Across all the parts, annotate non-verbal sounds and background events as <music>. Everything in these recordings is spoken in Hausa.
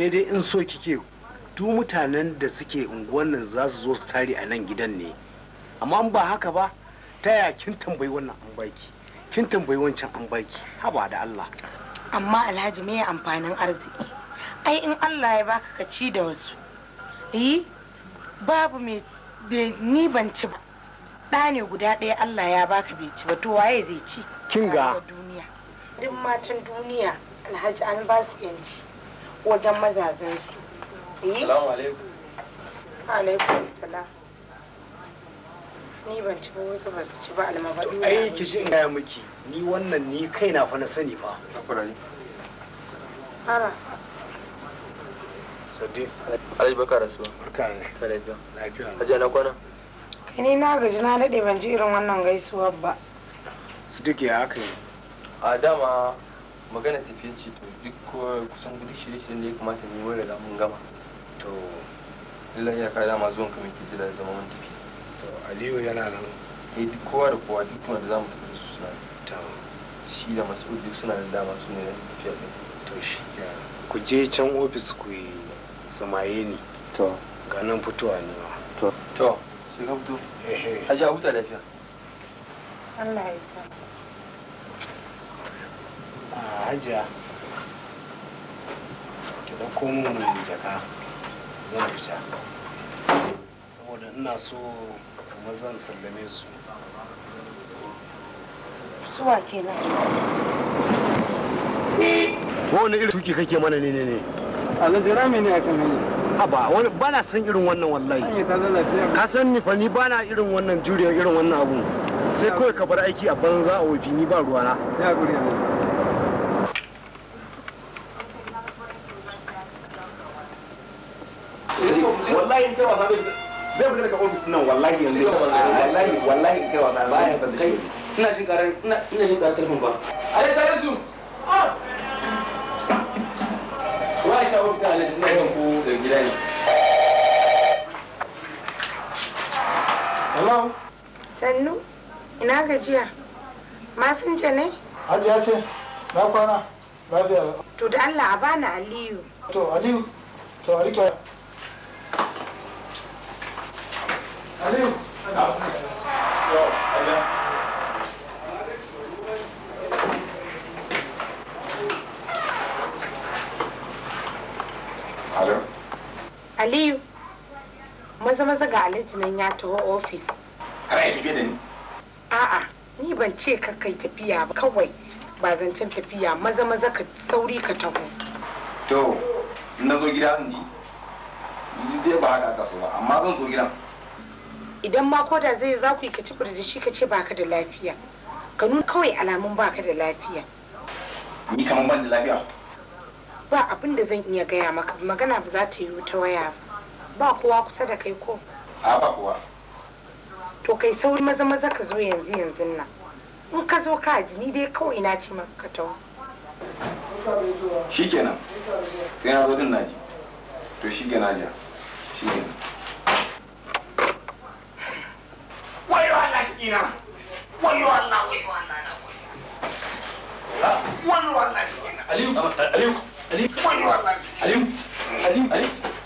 sai dai in so kike tu mutanen da suke unguwan nan za su zo su tare a nan gidan ne amma in ba haka ba ta ya kin tambayi wannan an baki kin tambayi wancan an baki haba da Allah amma alhaji me amfanin arziki ai in Allah ya baka ka ci da wasu yi eh, babu mai ni ban ci ba Da ne guda ɗaya Allah ya baka bai ci ba to waye zai ci kin ga duniya duk matan duniya alhaji an ba su yanci wajen mazajen su eh? Salamu alaikum salam ni ban ci wasu ba su ci ba ai ki miki ni wannan ni kai na fa na sani fa ara gaji na daɗe ban ji irin wannan gaisuwar ba sadiq ya haka yi a dama magana tafiye ce to duk kusan duk shirye-shiryen da ya kamata ne wani riga mun gama to lallai ya ka dama zuwan kamar ke jira zama mun tafi to aliyu yana nan eh duk kowa da kowa duk wanda za mu tafi da su suna to shi da masu duk suna da dama su ne tafiya din to shi ya. ku je can ofis ku yi samaye ni to Ganin nan fitowa ne ma to to sai ka fito eh eh haja huta lafiya Allah ya sa Ah, hajiya ki ɗauko min jaka zan fita saboda ina so kuma zan sallame su suwa kenan wani irin tuki kake mana ne ne ne alajira mai ne akan hanyar haba wani bana san irin wannan wallahi ka san ni fa ni bana irin wannan juriya irin wannan abu sai kawai ka bar aiki a banza a wofi ni ba ruwana ya guri wallahi in kai wasa zai fita daga ofis nan wallahi yanzu ah, wallahi wallahi in kai wasa zai fita kai ina jin karar ina jin karar telefon ba alai tare su ah! wai sha ofis alai ina kan ku da gida ne hello sannu ina gajiya masinja ne hajiya ce na kwana lafiya to da Allah a bani Aliyu to Aliyu to Aliyu Aliyu, maza maza ga Alhaji nan ya taho ofis. Kana ya tafiya da ni? A'a, ni ban ce ka kai tafiya ba kawai ba zancen tafiya maza maza ka sauri ka taho. To, na zo gida in ji. dai ba haka aka so ba amma zan zo gidan idan ma koda da zai za ku yi ka ci da shi ka ce baka da lafiya ka nuna kawai alamun baka da lafiya ni kaman ban da lafiya ba abin da zan iya gaya maka magana ba za ta yiwu ta waya ba kowa kusa da kai ko a ba kowa to kai sauri maza maza ka zo yanzu yanzu nan in ka zo ka ji ni dai kawai na ce maka ka tawo shikenan sai na zo din naji to shikenan ja Aliyu, Aliyu, Aliyu, Aliyu, Aliyu, Aliyu, Aliyu, Aliyu, Aliyu, Aliyu, Aliyu, Aliyu, Aliyu, aliyu aliyu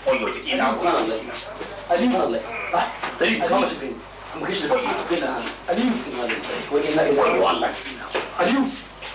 aliyu Aliyu, Aliyu, Aliyu, aliyu aliyu aliyu Aliyu, Aliyu, Aliyu, Aliyu, aliyu Aliyu, Aliyu, Aliyu, Aliyu, Aliyu, Aliyu, Aliyu, Aliyu, Aliyu, Aliyu, Aliyu, Aliyu, aliyu Aliyu, Aliyu, Aliyu, aliyu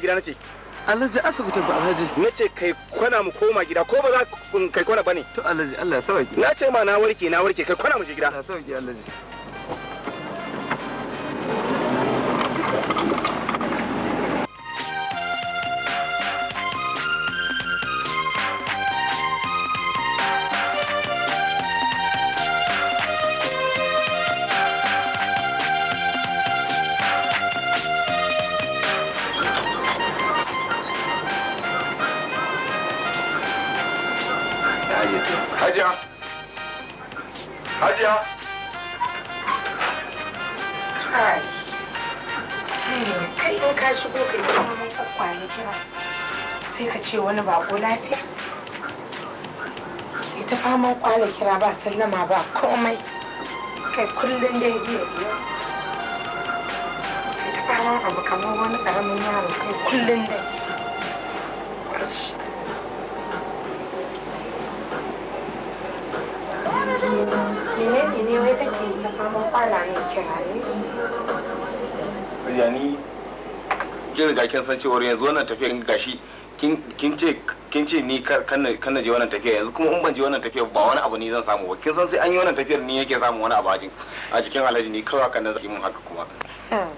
gida na ce. alhaji asibitin ba alhaji Na ce kai kwana mu koma gida ko ba za kai kwana ba ne. to alhaji Allah ya sauke Na ce ma na warke na warke kai kwana mu je gida Na sauke alhaji kai kai in ka shigo ka yi sai ka wani bako lafiya ita faman ba sallama ba komai kai kullum abu kamar wani karamin yaro kai kullum dai you. menene ne wai kake ta faman fara ne kirare yani kin riga kin san cewar yanzu wannan tafiya in gashi kin ce kin ce ni kan na je wannan tafiya yanzu kuma in ban je wannan tafiya ba wani abu ne zan samu ba kin san sai an yi wannan tafiyar ni yake samu wani abu a cikin alhaji ni kawai kan na zaki mun haka kuma hmm.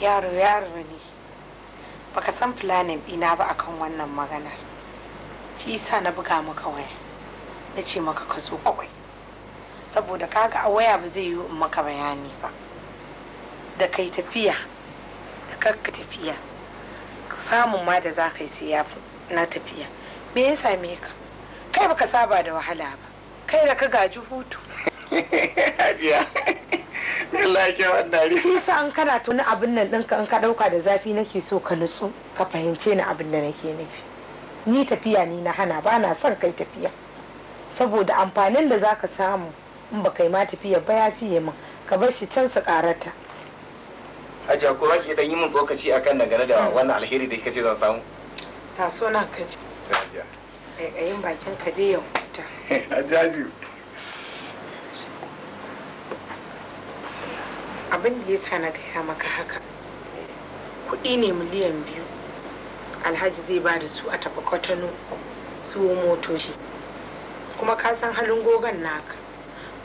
yaro yaro ne baka san planin ina ba akan wannan maganar shi yasa na buga maka waya na ce maka ka zo kawai saboda kaga a waya ba zai yi in maka bayani ba da kai tafiya da kakka tafiya samun ma da za ka yi na tafiya me ya same ka kai baka saba da wahala ba kai da ka gaji hutu <laughs> hajiya an kana tuni abin nan ɗinka in ka ɗauka da zafi nake so ka nutsu ka fahimce ni abin da nake nufi ni tafiya ni na hana ba na son kai tafiya saboda amfanin da zaka samu in ba kai ma tafiya ba ya fiye min ka bar shi can su karata a ko ke dan yi min tsokaci akan dangane da wannan alheri da kika ce zan samu taso na ka ji ƙaiƙayin bakin ka dai ya huta jaji <laughs> abin da ya sa na gaya maka haka kuɗi ne miliyan biyu alhaji zai ba da su a tafi kwatano su motoci kuma ka san halin gogon naka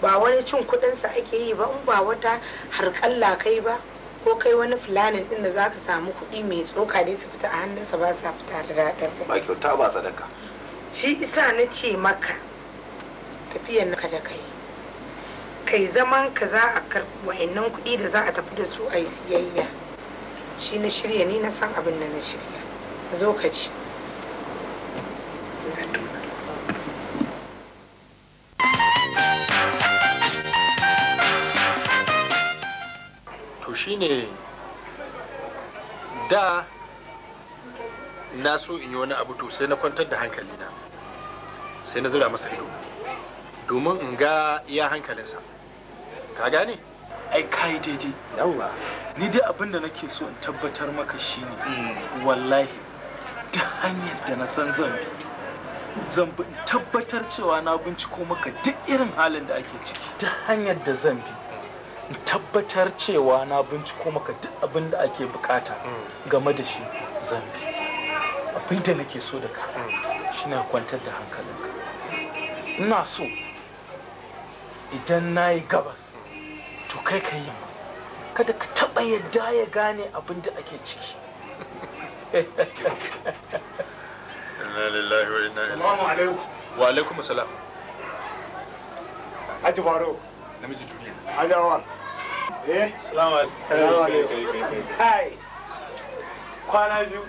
ba wani cin kudinsa ake yi ba in ba wata harkalla kai ba ko kai wani filanin din da zaka samu kuɗi mai tsoka dai su fita a hannunsa ba sa fita da daɗin ba kyauta ba sadaka shi isa na ce maka tafiyan naka da kai kai zaman ka za a karɓi kuɗi da za a tafi da su a siyayya shi na shirya ni na san abin da na shirya zo ka ci na to shine da na so in yi wani abu to sai na kwantar da hankali na sai na zura masa ido domin in ga iya hankalinsa ka gane ai kai daidai yawa ni dai abin da nake so in tabbatar maka shine mm. wallahi ta hanyar da na san zan bi zan tabbatar cewa na binciko maka duk irin halin da ake ciki ta hanyar da zan bi tabbatar cewa na binciko maka duk abin da ake bukata game da shi zambi abin da nake so da ka shine kwantar da hankalinka ina so idan na yi gabas to kai ka yi kada ka taba yadda ya gane abin da ake ciki inna lillahi wa inna ilaihi alaikum wa alaikum assalam Aji baro namiji duniya wa. eh salamu alaikum kai kwana biyu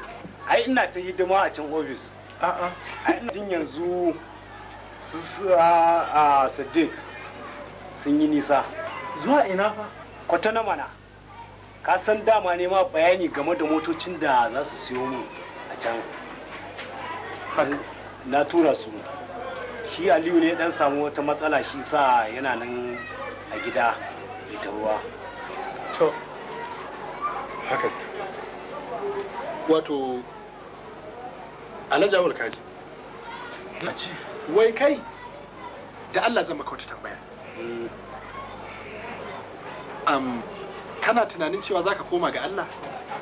ai ina ta hidima a can ofis A ina jin yanzu su a sadiq sun yi nisa zuwa ina fa kwata na mana ka san dama ne ma bayani game da motocin da za su siyo mu a can na tura su shi aliyu ne dan samu wata matsala shi sa yana nan a gida ita ruwa to haka wato alhaji awul kaji wai kai da allah zan maka wata tambaya am kana tunanin cewa zaka koma ga allah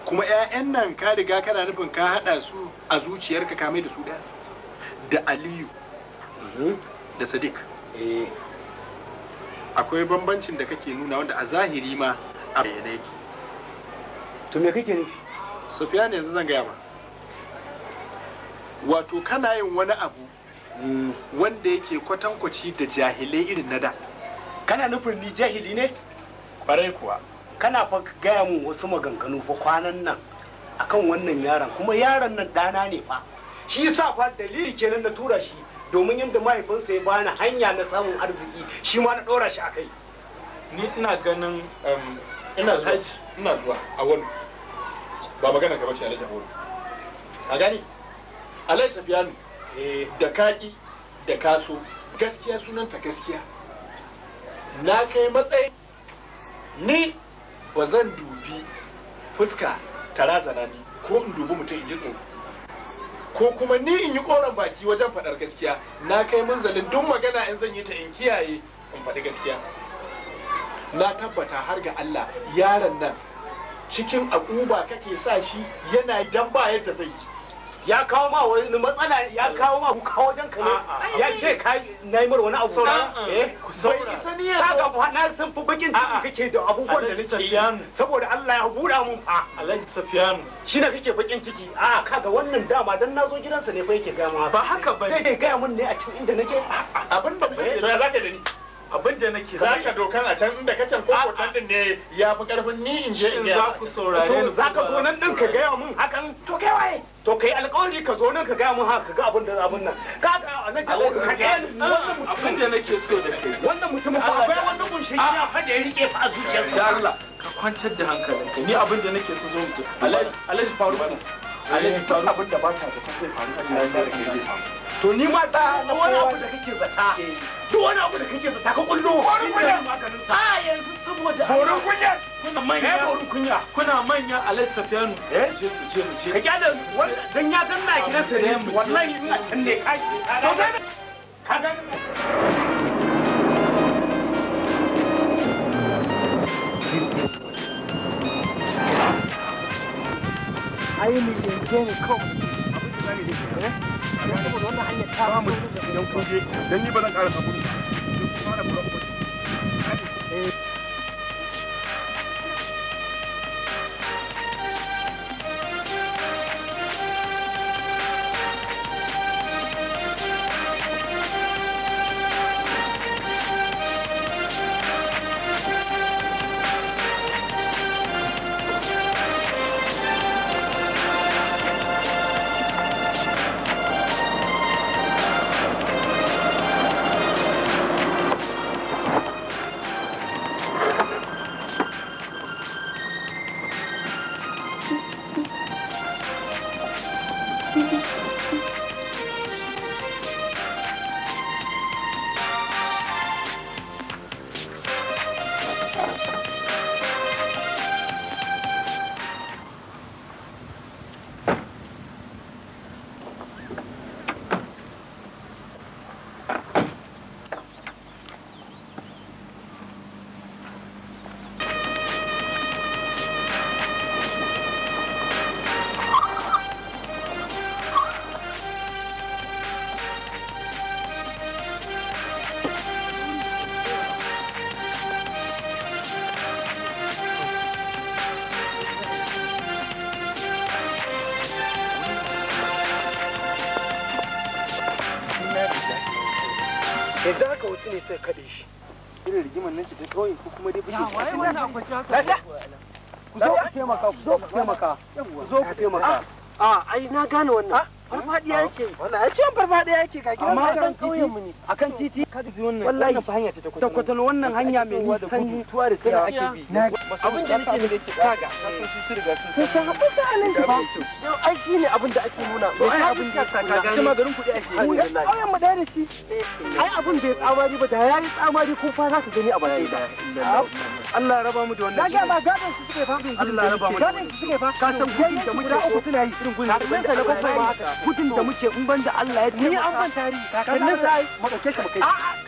kuma 'ya'yan nan ka riga kana nufin ka haɗa su a zuciyarka ka mai da su daya? da aliyu mm-hmm. da sadiq eh. akwai bambancin da kake nuna wanda a zahiri ma wato kana yin wani abu mm, wanda yake kwatankwaci da jahilai irin na da kana nufin ni jahili ne kwarai kuwa kana fa gaya mun wasu maganganu fa kwanan nan akan wannan yaron kuma yaron nan dana ne fa shi yasa fa dalili kenan na tura shi domin yadda mahaifinsa ya bani hanya na samun arziki shi ma na ɗora shi a kai ni ina ganin ina zuwa ina zuwa a wani ba magana ka bace alhaji a wani a gani alhaji safiyanu eh, da kaki da kaso gaskiya sunanta gaskiya na kai matsayin ni ba zan dubi fuska ta zanani ko in dubi mutum in ji tsoro ko kuma ni in yi koren baki wajen faɗar gaskiya na kai munzalin duk magana in zan yi ta in kiyaye in faɗi gaskiya na tabbata har ga Allah yaron nan cikin akuba kake sa shi yana dan ba yadda zai ya kawo ma wani matsala ya kawo ma ku kawo wajen ka ya ce kai na yi wani abu saura eh, ku saura ka ga mu na sun fi bakin ciki kake da abubuwan da nake yi saboda Allah ya buɗa mun fa Allah safiyan shi ne kake bakin ciki a ka ga wannan dama dan nazo gidansa ne fa yake ga ma ba haka ba zai gaya mun ne a cikin inda nake abin da ba eh? za ka da ni abin da nake za ka dokan a can inda kake koko can din ne ya fi karfin ni in je in za ku saurare ni za ka zo nan din ka gaya mun hakan to kai waye to kai alƙawari ka zo nan ka gaya mun haka ga abin da abin nan ka ga a nan ka gaya ni wannan mutum abin da nake so da kai wannan mutum fa akwai wani shi ya fa ya rike fa a zuciyarsa da Allah ka kwantar da hankalinka ni abin da nake so zo mutum Alhaji Alhaji Allah Alhaji faru abin da ba sa da kai faru Allah ya to ni ma ta na wani abu da kake zata duk wani abu da kake zata ka kullo borin kunya a yanzu saboda borin kunya kuna manya borin kunya kuna manya alai safiyanu eh je mu je mu je ka kyale dan ya san na gidan sa ne wallahi ina can ne kai to sai ka ga ai mu yanke ne kawai abin da zai yi eh? saboda wannan hanyar ta ba mu dan kuje dan ni ba zan ƙara samu ni bani wannan farfadiya yake wannan ai ciwon farfadiya yake ga gidan wallahi wannan hanya ce ta kwatalo wannan hanya mai nisan tuwa da sai ake bi abin da nake da ke kaga ka san haɓar da alin ba yau ai shi ne abin da ake nuna ba ai abin da ka gane kuma garin kuɗi ake yi wallahi mu da shi ai abin bai tsamari ba da yayi tsamari ko fa za ka gani a bakin da Allah raba mu da wannan ga ba gadan su suke fa Allah raba mu suke fa ka san gudun da muke uku suna yi irin gudun da na bakwai gudun da muke in banda Allah ya ni an ban tarihi kakannin sai shi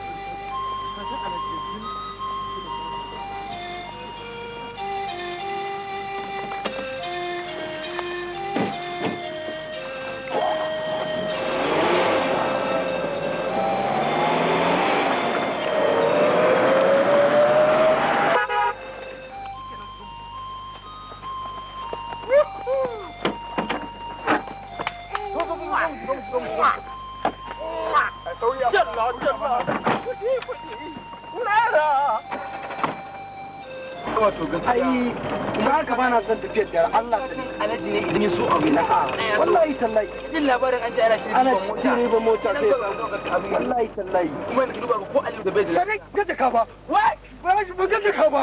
看了。san tafiyar da Allah sani alaji ne idan so abu na wallahi tallahi jin labarin an ana ana ba mota sai wallahi tallahi kuma ina duba ko aliyu da sai ka ba wai ba ka <laughs> ba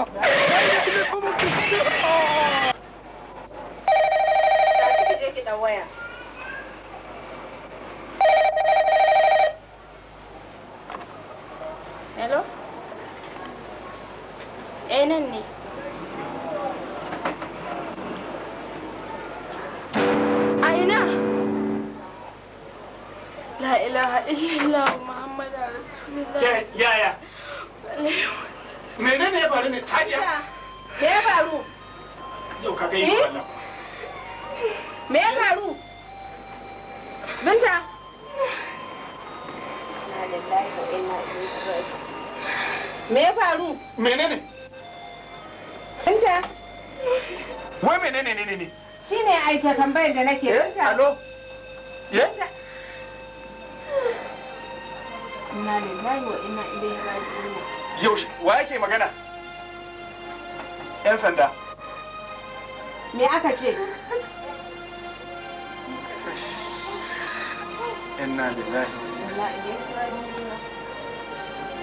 tare me ya faru yau ka eh? wannan me ya faru binta me ya faru menene binta wai menene ne ne ne shine aike tambayar da nake eh, binta alo ye eh? inna lillahi wa inna ilaihi raji'un yau wa yake magana 'yan sanda me aka ce inna lillahi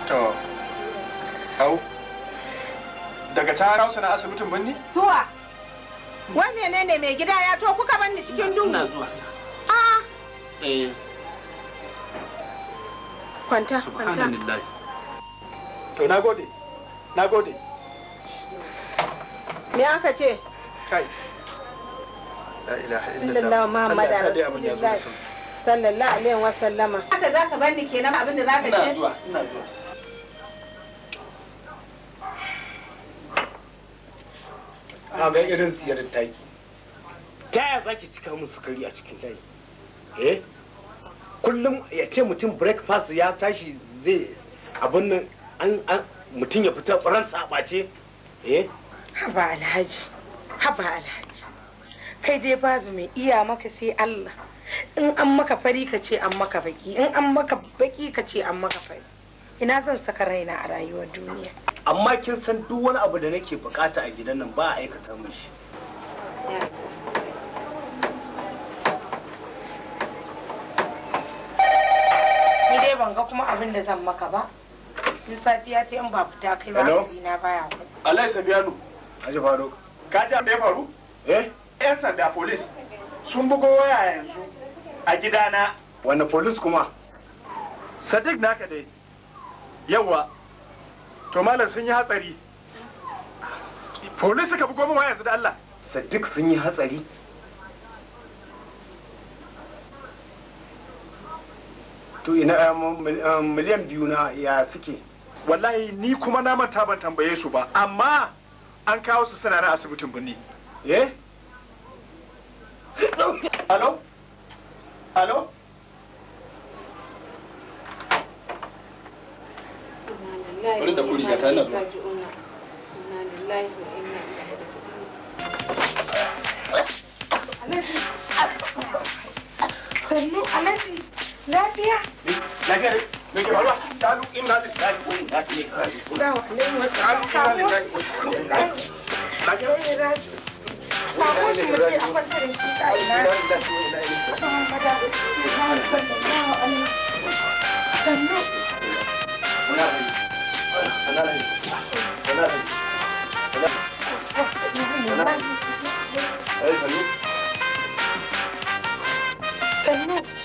to Hau. daga can hausa na asibitin birni zuwa Wani ne ne mai gida ya to kuka banni cikin duhu na zuwa a eh kwanta kwanta to na gode na gode me aka ce kai la ilaha illallah muhammad rasulullah sallallahu alaihi wa sallama haka zaka bani kenan abin da zaka ce ina zuwa ina zuwa a ga irin siyarar taki ta yaya zaki cika musu kari a cikin dare eh kullum ya ce mutum breakfast ya tashi zai abin nan an mutum ya fita ransa a ɓace eh haba alhaji haba alhaji kai dai babu mai iya maka sai Allah in an maka fari ka ce an maka baki in an maka baki ka ce an maka fari ina zan saka raina a rayuwar duniya amma kin san duk wani abu da nake bukata a gidan nan ba a aikata mishi ni dai ban ga kuma abin da zan maka ba in safiya ta in ba fita kai ba na baya ku alai sabiyanu Aji faru. Ka ji me faru? Eh? Yan sanda polis sun bugo waya yanzu a gidana. Wanne polis kuma? Sadiq naka dai. Yawwa. To malam sun yi hatsari. Polis suka bugo min waya yanzu da Allah. Sadiq sun yi hatsari? to ina eh, eh, miliyan biyu na ya suke wallahi ni kuma na manta ban tambaye su ba amma an kawo su suna na asibitin birni eh alo alo bari da kuri ga tana zuwa Alhaji, sannu Alhaji. Lafiya? Lafiya Me ke faruwa? da ta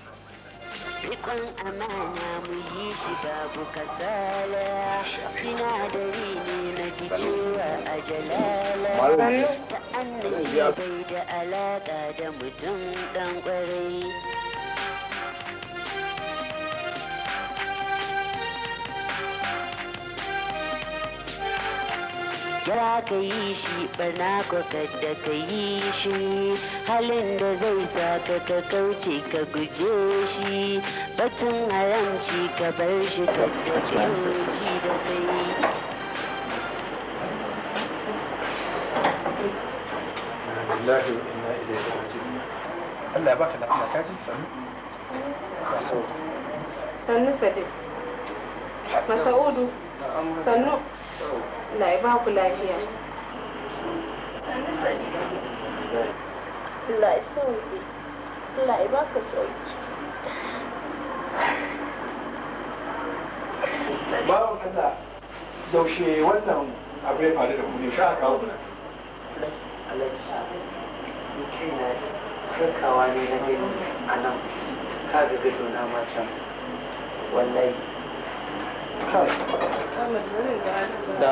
rikon amana mu yi shi babu kasala sinadari ne na ficewa a jalala ta annabi bai da alaka da mutum dan kwarai kira ka yi shi barna ko kadda ka yi shi halin da zai sa ka ka kauce ka guje shi batun haramci ka bar shi kadda ka yi da kai ka sannu Allah ya ba ku lafiya Allah ya sauke Allah ya ba ka sauki babu Allah yaushe wannan abu ya faru da ku ne sha kawo nan. farkawa ne na gani a nan ka ga gado na macen wallahi da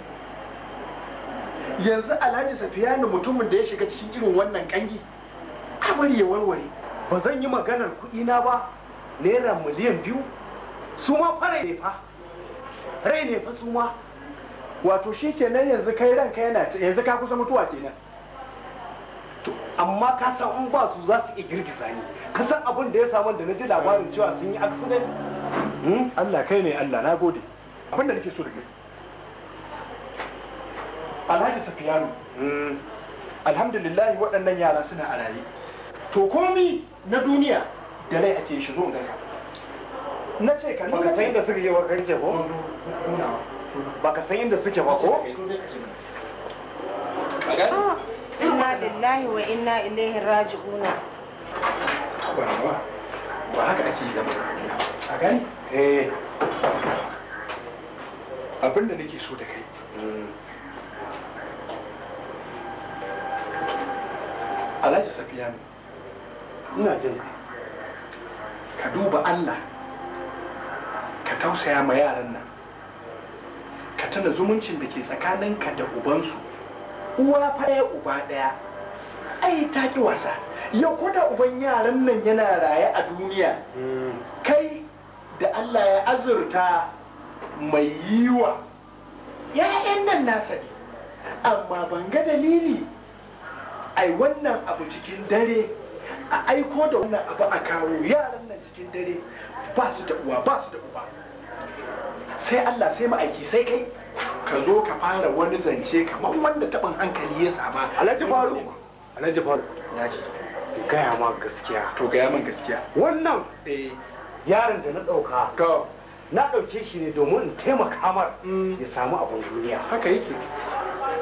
yanzu alhaji safiyanu mutumin da ya shiga cikin irin wannan kangi bari ya warware ba zan yi maganar kuɗi na ba naira miliyan biyu su ma fara ne fa rai ne fa su ma wato shi kenan yanzu kai ranka yana ce yanzu ka kusa mutuwa kenan to amma ka san in ba su za su iya girgiza ni ka san abin da ya samu da na ji labarin cewa sun yi accident hmm? Allah kai ne Allah na gode abin da nake so da kai alhaji safiyanu hmm. alhamdulillahi waɗannan yara suna a raye to komi na duniya da rai ake shi zo gaya na ce ka baka san inda suke wa kan jefo ba baka san inda suke ba ko ah, inna lillahi wa inna ilaihi raji'una ba haka ake yi da ba? a gani eh abinda nake so da kai hmm. alhaji safiya ina jin ka duba allah ka tausaya ma yaran nan ka tuna zumuncin da ke tsakanin ka da ubansu uwa faya uba ɗaya ai ta ki wasa ya koda uban yaran nan yana raye a duniya hmm. kai da allah ya azurta mai yiwa ya'yan nan nasa ne amma ban ga dalili a yi wannan abu cikin dare a aiko da wannan abu a kawo yaran nan cikin dare ba su da uwa ba su da uba sai Allah sai ma'aiki sai kai ka zo ka fara wani zance kamar wanda taɓin hankali ya saba. alhaji faru alhaji faru na ji gaya ma gaskiya to gaya min gaskiya wannan eh. yaron da na ɗauka to na ɗauke shi ne domin taimaka mar mm. ya samu abin duniya haka yake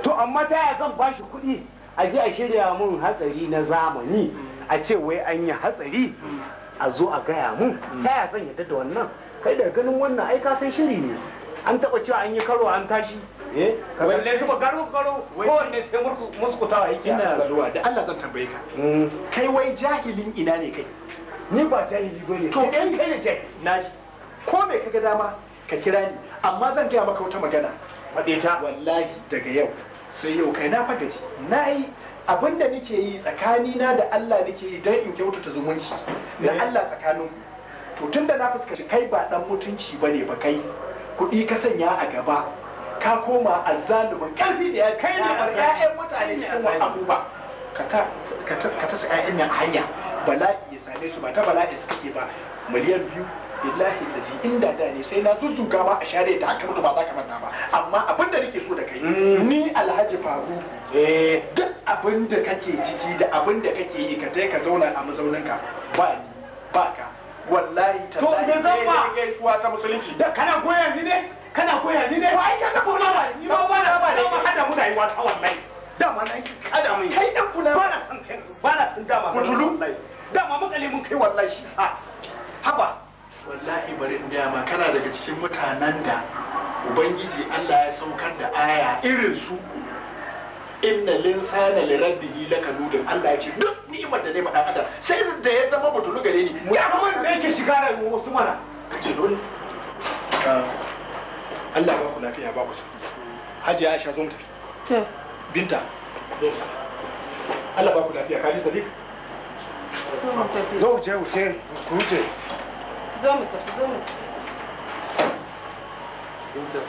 to amma ta zan ba shi kuɗi a ji a shirya mun hatsari na zamani a ce wai an yi hatsari a zo a gaya mun ta ya zan yadda da wannan kai da ganin wannan ai ka san shiri ne an taba cewa an yi karo an tashi eh, wanne suka garo garo kowanne sai muskutawa yake ina zuwa da Allah zan tambaye ka mm. kai wai jahilin ina ne kai ni ba jahili bane to kai kai ne jahili na ko me kaga dama ka kira ni amma zan gaya maka wata magana faɗe ta wallahi daga yau sai yau kai na fagaji na yi abinda nake yi tsakani na da Allah nake yi don in kyautata zumunci da eh. Allah tsakanin to tunda na fuskanci kai ba dan mutunci bane ba kai kuɗi ka sanya a gaba ka koma azzalumin karfi da ya kai ne a ƴaƴan mutane cikin wani abu ba ka tasa ƴaƴan nan hanya bala'i ya same su ba ta bala'i suke ba miliyan biyu billahi da inda da ne sai na dudduga ma a share ta haka mutu ba za ka manta ba amma abin da nake so da kai mm. ni alhaji faru eh. duk abin da kake ciki da abin da kake yi ka je ka zauna a mazauninka ba ni ba ka wallahi ta to ne zan ba gaisuwa ta musulunci da kana goya ni ne kana goya ni ne ai ka ko ba ni ba ba na ba ne hada mu rayuwa ta wallahi dama na kada mu kai da kula ba na san ba na san dama mutulu dama mun kai wallahi shi sa haba wallahi bari in gaya ma kana daga cikin mutanen da ubangiji Allah ya saukar da aya irin su inna linsana li rabbihi lakanudun Allah ya ce duk ni'imar da ne ma adam sai da ya zama butulu gare ni ya ba mun da yake shiga rayuwar wasu mana kace dole ah, Allah ba ku lafiya ba ku su Hajji Aisha zo mu tafi binta Allah ba ku lafiya kaji Sadiq zo mu tafi zo je wuce ku wuce zo mu tafi zo mu tafi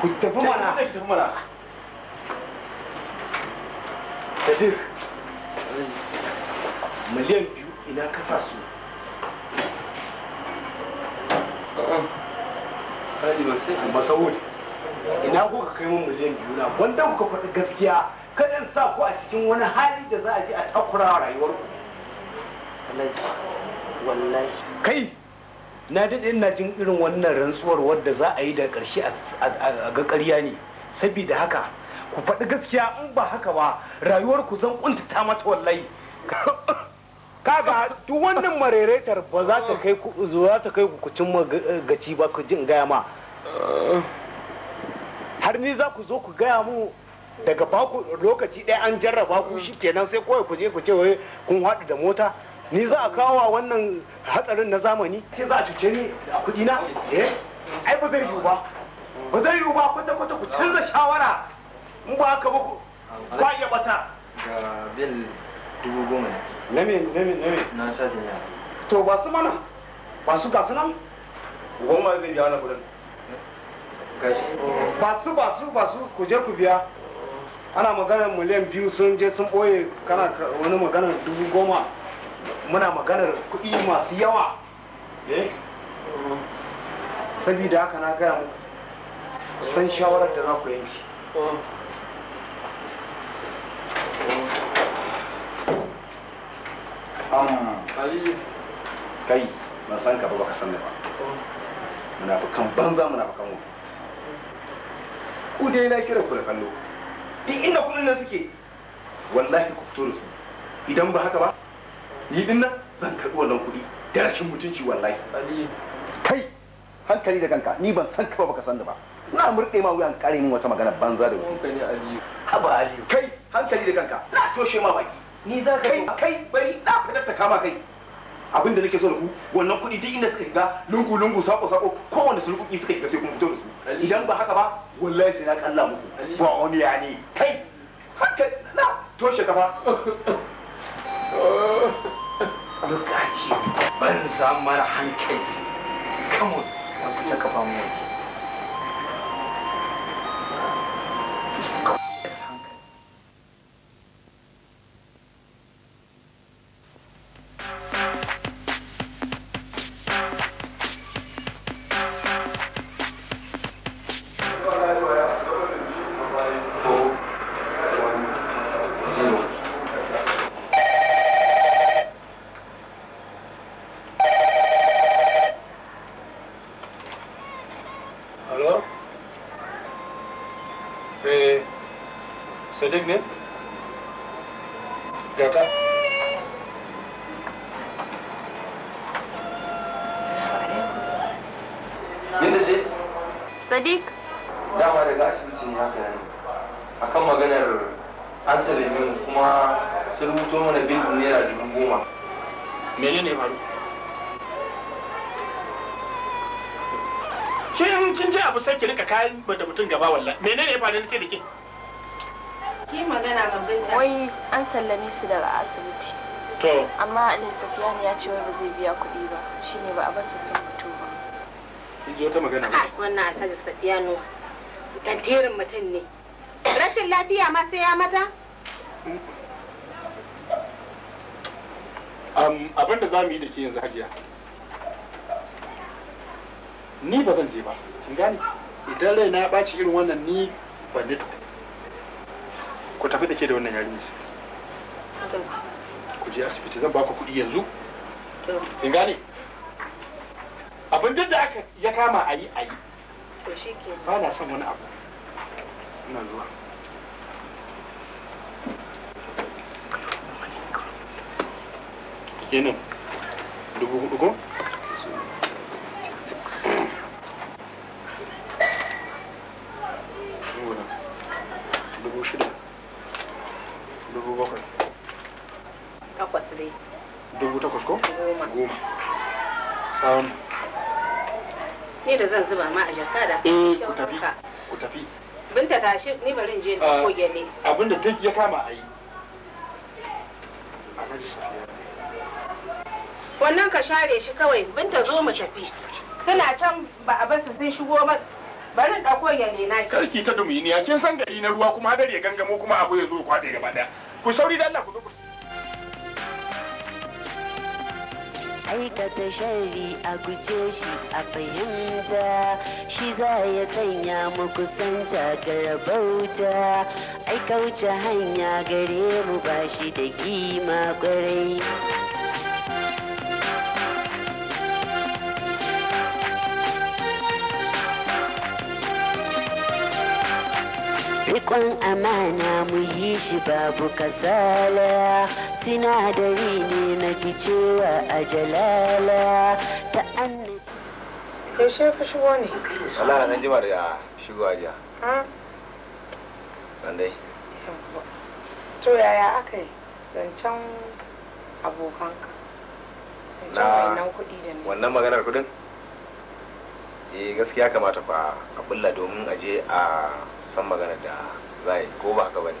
ku tafi mana ku tafi mana sadiq miliyan biyu ina kasa su Masaud, ina kuka kai mun miliyan biyu na wanda kuka faɗi gaskiya kadan sa ku a cikin wani hali da za a ji a takura rayuwar ku kai na daɗe ina jin irin wannan rantsuwar wadda za a yi da ƙarshe a ga ƙarya ne saboda haka ku faɗi gaskiya in ba haka ba rayuwar ku zan kuntata mata wallahi kaga duk wannan mareretar ba za ta kai ku za ta kai ku cimma gaci ba ku jin gaya ma har ni za ku zo ku gaya mu daga baku lokaci ɗaya an jarraba ku shi kenan sai kawai ku je ku ce wai kun haɗu da mota ni za a kawo wa wannan hatsarin na zamani sai za a cuce ni a kuɗi na eh ai ba zai yiwu ba ba zai yiwu ba kwata kwata ku canza shawara in ba haka ba ku ba iya bata ga bil dubu goma ne na me na me na me na sha jinya to ba su mana ba su ga su nan goma zai biya na kudin ba su ba su ba su ku je ku biya ana maganar miliyan biyu sun je sun ɓoye kana wani maganar dubu goma muna maganar kuɗi masu yawa eh? sabida haka na gaya muku san shawarar da za ku yanki kai ban san ka ba baka san da ba munafukan banza munafukan wani ku dai na kira ku da kallo duk inda kudin nan suke wallahi ku fito da su idan ba haka ba ni din nan zan karɓi wannan kuɗi da rashin mutunci wallahi kai hankali da kanka ni ban san kaba baka san da ba na murɗe ma wuyan kare min wata magana banza da wuce haba aliyu kai hankali da kanka na toshe ma baki ni za ka kai kai bari na fitar ta kama kai abinda nake so da ku wannan kuɗi duk inda suka shiga lungu lungu sako sako kowanne su rukuki suka shiga sai kun fito da su idan ba haka ba wallahi sai na kalla muku ba wani ya ne kai haka na toshe kafa lokaci ban san mara hankali kamun wasu ta kafa mu ne na ce da ke ki magana wai an sallame su daga asibiti to amma ali safiyan ya ce wai ba zai biya kuɗi ba shine ba a basu sun fito ba kin ji wata magana ba wannan alhaji tantirin mutum ne rashin lafiya ma sai ya mata abin da za mu yi da ke yanzu hajiya ni ba zan je ba kin gane idan raina ya ɓaci irin wannan ni wanne to ku tafi da ke da wannan yarinya sai ku je asibiti zan baku kuɗi yanzu kin gane abin da aka ya kama a yi a yi ba na son wani abu ina zuwa dubu hudu ko dubu bakwai takwas dai dubu takwas ko goma ni da zan zuba ma a eh ku tafi ku tafi binta ni barin je ta ah, duk ya kama a yi safiya wannan ka share shi kawai binta zo mu tafi suna can ba a basu sun shigo ba barin ɗauko ya ne na karki ta dumi ni kin san gari na ruwa kuma hadari ya gangamo kuma abu ya zo kwaɗe gaba ɗaya ku sauri da Allah ku zo ku aikata shari a guje shi a fahimta shi za ya sanya mu kusanta ga rabauta ai kauce hanya gare mu ba shi da kima kwarai Rikon amana mu yi shi babu kasala, sinadari ne na ficewa a jalala ta annaci. shi eh, shefa shigo ne? Wala na jima da shigo ajiya. Sandai. To yaya aka yi zancen abokanka? Na wannan maganar kudin? eh gaskiya kamata fa a bulla domin aje a san maganar da za yi ko ba haka ba ne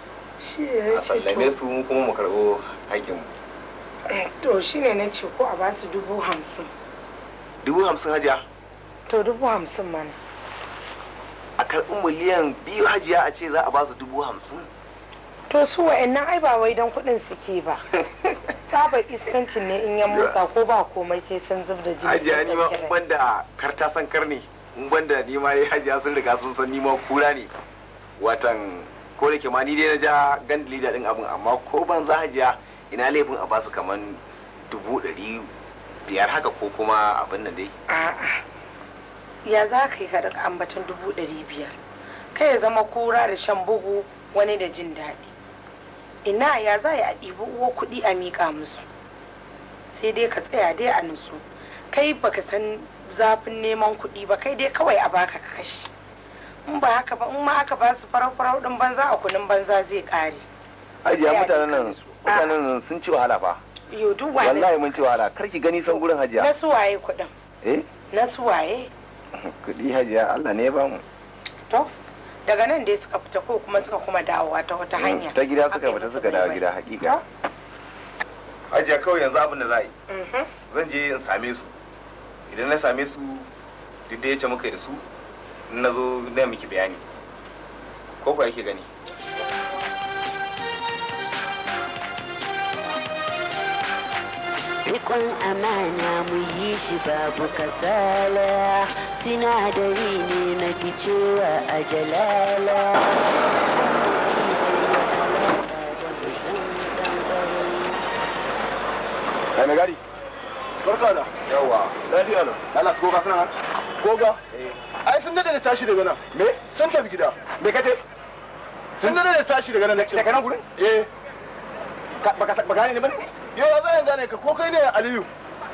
a sallame su mu kuma mu karɓo mu. Eh, to shi ne na ce ko a ba su dubu hamsin dubu hamsin hajiya to dubu hamsin mana a karɓi miliyan biyu hajiya a ce za a ba su dubu hamsin to su wa'annan ai ba wai don kuɗin suke ba <laughs> saba iskancin ne in ya motsa ko ba komai sai sun zub da jini hajiya ni ma in banda karta san karni in da ni ma hajiya sun riga sun san ni ma kura ne watan ko da ke ma ni dai na ja gan da din abin amma ko ban za a ja ina laifin a basu kaman dubu ɗari biyar haka ko kuma abin nan dai ya za ka yi kaɗa ambatan dubu ɗari biyar kai ya zama kura da shan bugu wani da jin daɗi ina ya za a ɗibi uwa kuɗi a miƙa musu sai dai ka tsaya dai a nutsu kai baka san zafin neman kuɗi ba kai dai kawai a baka ka kashe in ba haka ba in ma aka ba su farau farau din banza a kunin banza zai kare Ajiya mutanen nan mutanen nan sun ci wahala fa yo duk wani wallahi mun ci wahala kar ki gani san gurin hajiya na su waye kudin eh na su waye? <laughs> kudi hajiya Allah ne ya bamu to daga nan dai suka fita ko kuma suka kuma dawowa ta wata mm, hanya ta gida suka fita suka dawo gida hakika hajiya kawai yanzu abin da za yi mm-hmm. zan je in same su idan na same su duk da ya ce muka da su na zo zai miki bayani ko ku yake gani Rikon amana mu yi shi babu kasala sinadari ne na cewa a jalala. Kai mai gari? Barka da. Yawa. Lafiya da. Lala goga suna nan? Goga? Eh. ai sun dade da tashi daga nan me sun tafi gida me kace sun dade da tashi daga nan ne. daga nan gurin eh baka baka ne bane yo zan gane ka ko kai ne Aliyu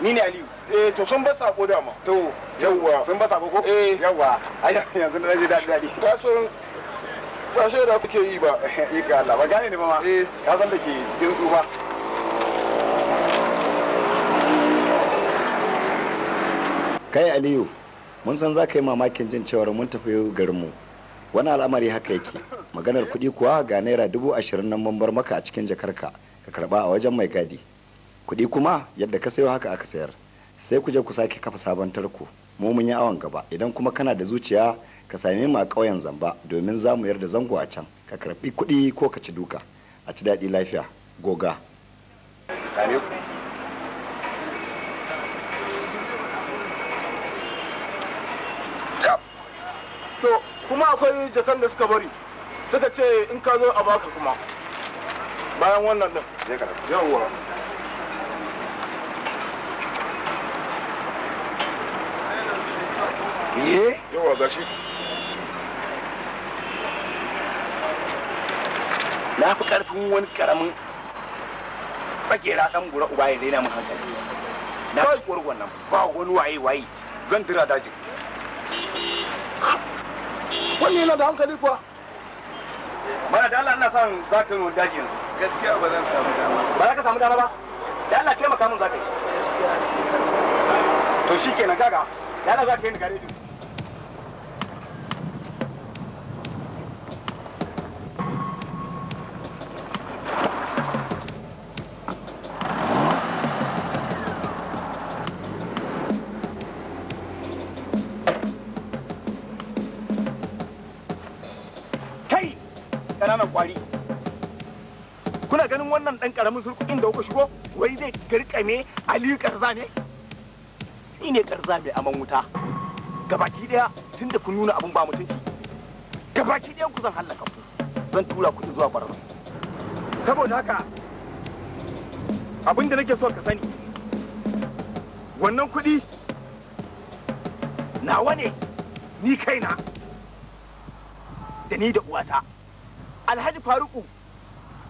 ni ne Aliyu eh to sun ba sako ma. to yawwa sun ba sako ko eh yawwa ai yanzu na ji dadi dadi ka so ba shi da kuke yi ba yi <laughs> ga Allah ba gane ne ba ma eh ka san da ke cikin tsufa kai Aliyu mun san za ka yi mamakin jin cewar mun tafi garinmu wani al'amari haka yake maganar kuɗi kuwa ga naira dubu ashirin nan mun bar maka a cikin jakarka ka karba a wajen mai gadi kuɗi kuma yadda ka sayo haka aka sayar sai ku je ku sake kafa sabon tarko mu mun yi awon gaba idan kuma kana da zuciya ka same mu a ƙauyen zamba domin za mu yarda zango a can ka karɓi kuɗi ko ka ci duka a ci daɗi lafiya goga. kuma akwai jakan da suka bari suka ce in ka zo a baka kuma bayan wannan din yawwa Ye? Yawa gashi. Na fi ƙarfin wani ƙaramin fakera ɗan gura uba ya daina min hankali. Na fi ƙorgon nan ba wani waye waye zan dira dajin. wannan yana da hankali kuwa mana da Allah ina son za ka nuna daji yanzu gaskiya ba zan samu dama ba za ka samu dama ba da Allah taimaka mun za ka yi to shikenan gaga da Allah za ka yi ni garejin karamin sulku da kuka shigo wai zai karkame aliyu karza ne ni ne karza mai aman wuta gabaki daya tun da kun nuna abun ba mutunci gabaki daya ku zan halaka ku zan tura ku zuwa barno saboda haka abin da nake so ka sani wannan kuɗi nawa ne ni kaina da ni da uwata alhaji faruku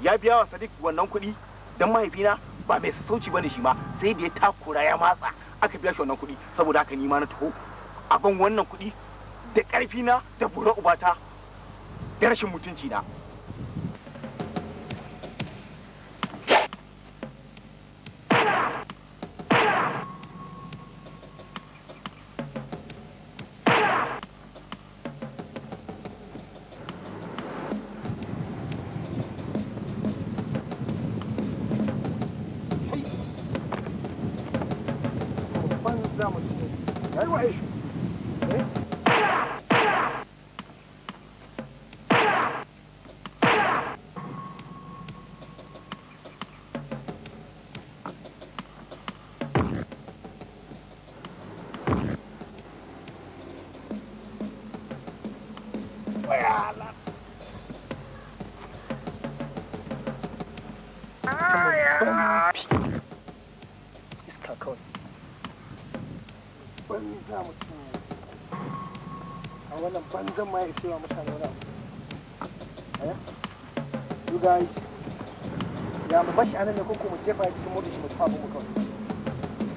ya biya wa sadiq wannan kuɗi dan mahaifina ba mai sauci bane shi ma sai da ya takura ya matsa aka biya shi wannan kuɗi saboda haka nima na taho a ban wannan kuɗi da ƙarfi na da bura ubata da rashin mutunci na yanzu zan ma ishe eh? you guys ya mu bashi anan ko kuma jefa ya cikin motar shi mu tafi kawai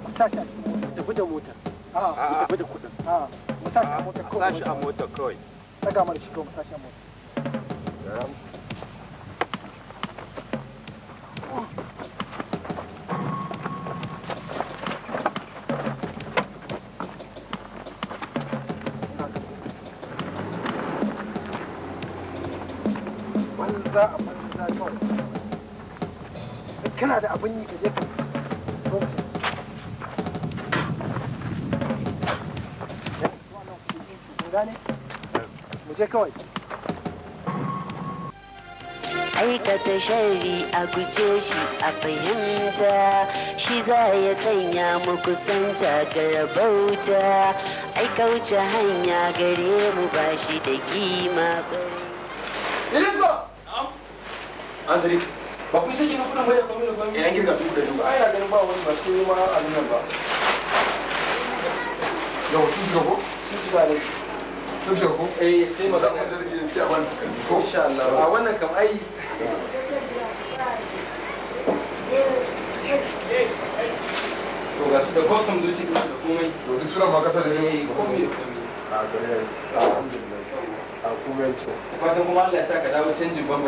mu tashi a cikin da motar ah. ah. a abin yi ka je ka gane mu je kawai aikata shari a guje shi a fahimta shi za ya sanya mu kusanta ga rabauta ai kauce hanya gare mu ba shi da kima bari. Ilisba! Na'am. An sadiq, ba ku yi take na kudan wayar idan kirga su da duka ana ganin ba wani ba sai ma a nan ba yau sun shiga ko sun shiga ne sun shiga ko eh sai ma zan da rike sai a ban ko insha Allah a wannan kam ai to ga su da custom duty da komai to duk suna makata da ne eh, komai a gare a kuma yake fatan kuma Allah ya sa dawo canjin sa a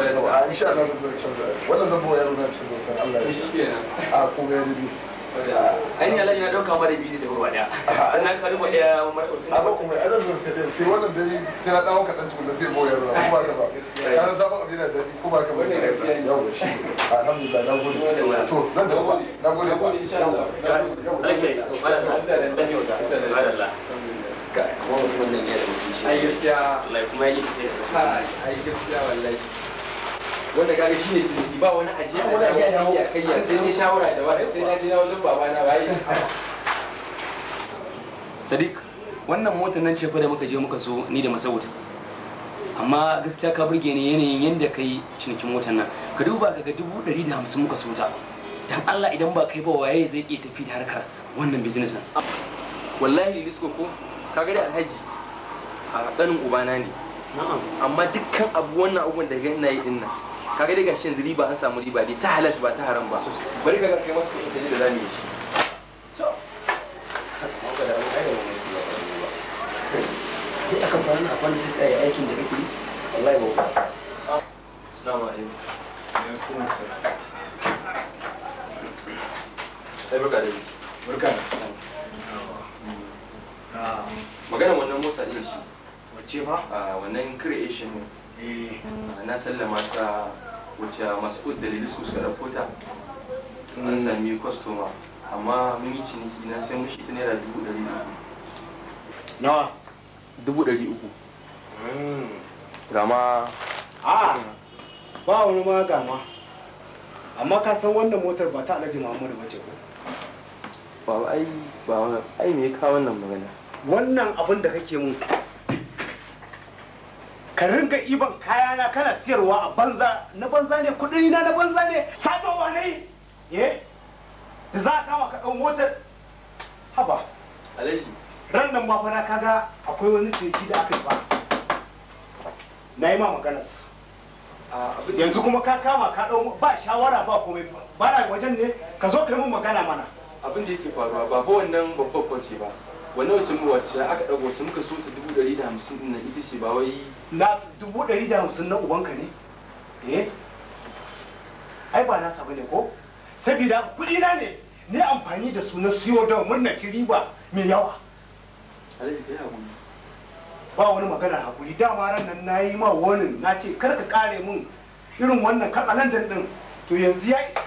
insha Allah canza wannan zan na canza Allah ya shi kenan a kuma ya dubi an yi na dauka mara da gaba daya an na karu ya sai sai wannan sai na dawo kaɗan cikin da sai kuma ka ba ya abin da daɗi kuma ka ba shi alhamdulillah na gode to zan na gode gode ga kuma mutumin nan da mutunci ai gaskiya lai kuma yi fiye da ai gaskiya wallahi wanda kaga shine ciniki ba wani aje a wani aje a iya kayya sai dai shawara da wani sai na je na wajen baba na waye Sadiq wannan motar nan ce fa da muka je muka so ni da Masaud amma gaskiya ka burge ni yanayin yadda ka yi cinikin motar nan ka duba ka ga dubu ɗari da hamsin muka so ta dan Allah idan ba kai ba waye zai iya tafi da harkar wannan business nan wallahi lisko ko kagari dai alhaji a ɗanin ubana ne amma dukkan abu wannan abubuwan da na yi dinnan ga dai yanzu riba an samu riba dai ta halasu ba ta haram ba bari ka kai masu kuɗin da yi shi aka a wallahi ba maganar wannan mota ne shi wacce ba ah, wannan creation ne eh. ah, na sallama ta wacce mas'ud da lilisku suka rakota an hmm. sami kwastoma amma mun yi ciniki na sai mushi ta naira dubu ɗari uku nawa dubu ɗari uku hmm. gama a ah, ba wani ma gama amma ka san wannan motar ba ta alhaji muhammadu ba ko ba ai ba ai me ka wannan magana wannan abin da kake mun ka ringa iban kayana kana siyarwa a banza na banza ne kudin na banza ne sadowa ne eh da za a kama ka ɗau motar haba alaji ran nan ma fara kaga akwai wani ciniki da aka yi ba na yi ma sa yanzu kuma ka kama ka ɗau ba shawara ba komai ba na wajen ne ka zo ka yi mun magana mana abin da yake faruwa ba ba wannan babban kwanci ba wannan wacce mu wacce aka ɗago wacce muka so ta dubu ɗari da hamsin ɗin nan ita ce ba wai na dubu ɗari da hamsin na ubanka ne eh ai ba nasa ne ko saboda kuɗi na ne ne amfani da su na siyo da na ci riba mai yawa alaji kai hakuri ba wani magana hakuri dama ran nan na yi ma wani na ce kar ka kare mun irin wannan katsalan din to yanzu ya isa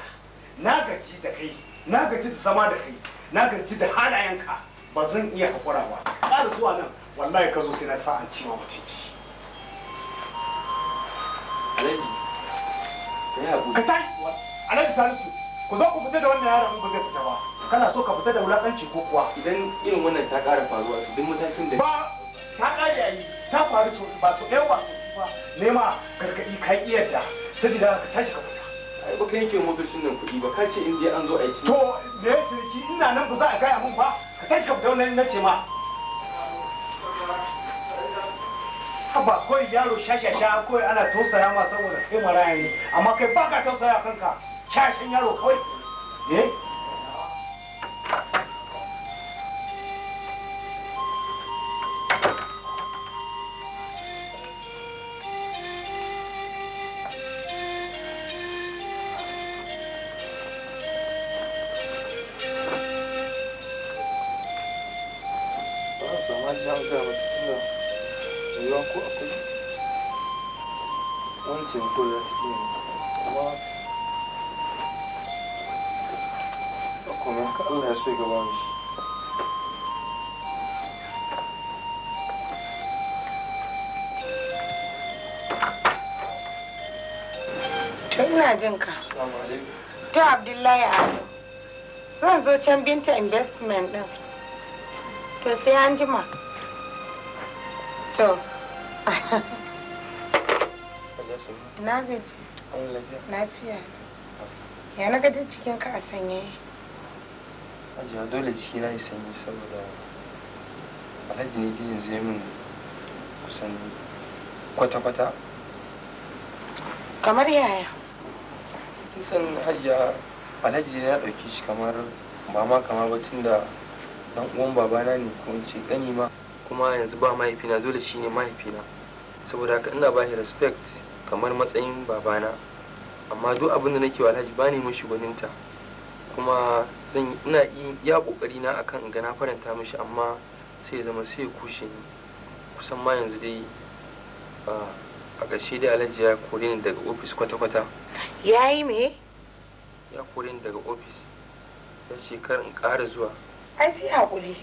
na gaji da kai na gaji da zama da kai na gaji da halayenka ba zan iya haƙura ba ƙara zuwa nan wallahi ka zo sai na sa an ci ma mutunci ka ta alhaji salisu ku zo ku fita da wannan yaron ba zai fita ba kana so ka fita da wulaƙanci ko kuwa idan irin wannan ta ƙara faruwa duk matakin da ba ta ƙare yayi ta faru so ba so ɗaya ba so ba nema gargaɗi ka yi yadda sabida ka tashi ka fita ai baka yanke motocin nan kuɗi ba ka ce in dai an zo a yi to da ya ciniki ina nan ba za a gaya mun ba kai ka fito na ce ma haba kawai yaro shashasha kawai ana tausaya ma saboda kai mara ne amma kai ba ka tausaya kanka shashin yaro kawai eh jinka. ka. To Abdullahi Ado. Zan zo can binta investment ɗin. To sai an jima. To. <laughs> Na gaji. fiya. Ya na gadin cikin ka a sanye. Ajiya dole ciki na yi sanyi saboda alhaji ne dai zai ya min kusan kwata-kwata. Kamar yaya? kisan hajiya alhaji ne ya ɗauki shi kamar ba ma kamar ba tun da dan uwan babana ne ko in ce gani ma kuma yanzu ba mahaifina dole shi ne mahaifina saboda haka ina ba shi respect kamar matsayin babana amma duk abin da nake wa alhaji ba ne mishi gwaninta kuma zan ina iya kokari na akan in ga na faranta mashi amma sai ya zama sai ya kushe ni kusan ma yanzu dai ah, a ƙarshe dai alhaji ya kore ni daga ofis kwata-kwata ya yi me ya kore ni daga ofis ya ce kar in ƙara zuwa ai sai haƙuri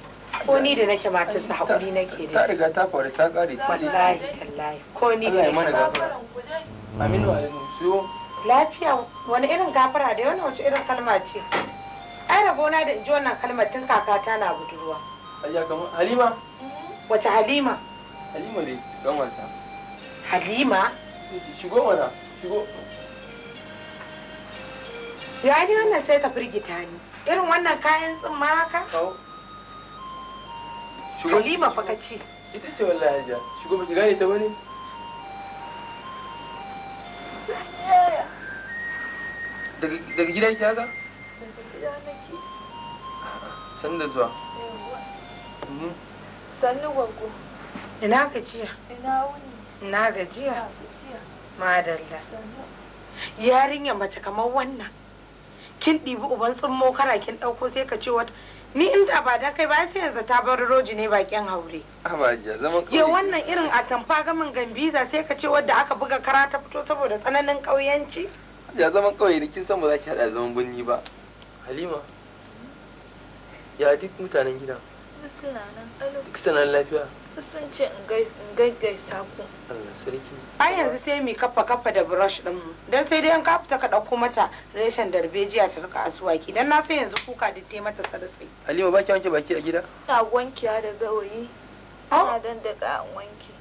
ko ni da nake mata su haƙuri nake da ta riga ta faru ta ƙare ta wallahi tallahi ko ni da nake mana gafara aminu a yanzu lafiya wani irin gafara da wani wace irin kalma ce ai rabona da in ji wannan kalmar tun kakata na budurwa halima wace halima halima ne don wata halima shigo mana shigo ya ni wannan sai ta firgita ni irin wannan kayan tsin ma haka Shigo. halima fa ka ce ita ce wallahi ja shigo ba shiga ita bane. daga gidan ki haka san da zuwa mhm. sannu gwaggo ina ka ciya ina wuni na gajiya madalla yarinya mace kamar wannan kin ɗibi uban tsummo kana kin ɗauko sai ka ce wata ni inda ba da kai ba sai yanzu ta bar roji ne bakin haure ya wannan irin a tamfa gamin gambiza sai ka ce wadda aka buga kara ta fito saboda tsananin ƙauyanci ya zaman kawai da kin san ba za ki haɗa zaman birni ba halima ya duk mutanen gida duk suna lafiya sun ce in gaggaisa ku. Allah sarki. Ai yanzu sai mu kafa kafa da brush din mu. Dan sai dai an ka fita ka dauko mata reshen darbejiya ta rika asuwaki. Dan na sai yanzu kuka da te mata sartsi. Halima ba ki wanke baki a gida? Ta wankiya da gawayi. Oh? Ina dan daga wanke.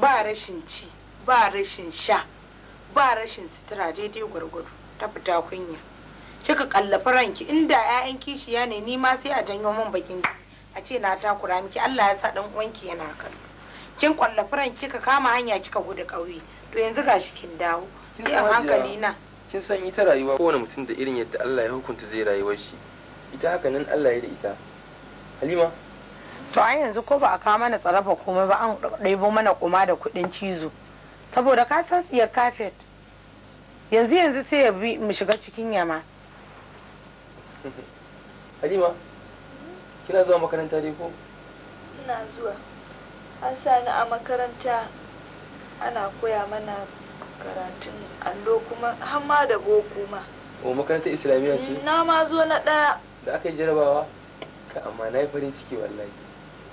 Ba rashin ci, ba rashin sha, ba rashin sutura daidai gwargwado ta fita kunya. Kika kallafi ranki inda 'ya'yan kishiya ne ni ma sai a janyo min bakin ki. a ce na takura miki Allah ya sa dan uwanki yana kallo kin kwalla furan kika kama hanya kika gudu ƙauye to yanzu gashi kin dawo sai a hankali na kin san ita rayuwa kowane mutum da irin yadda Allah ya hukunta zai rayuwar shi ita haka nan Allah ya da ita Halima to a yanzu ko ba a kawo mana tsarafa komai ba an ɗebo mana kuma da kuɗin cizo saboda ka san tsiyar kafet yanzu yanzu sai ya bi mu shiga cikin yama <laughs> Halima kina zuwa makaranta dai ko ina zuwa an sa ni a makaranta ana koya mana karatun allo kuma har ma da boko ma o makarantar islamiyya ce na ma zo na ɗaya da aka yi jarabawa ka amma na yi farin ciki wallahi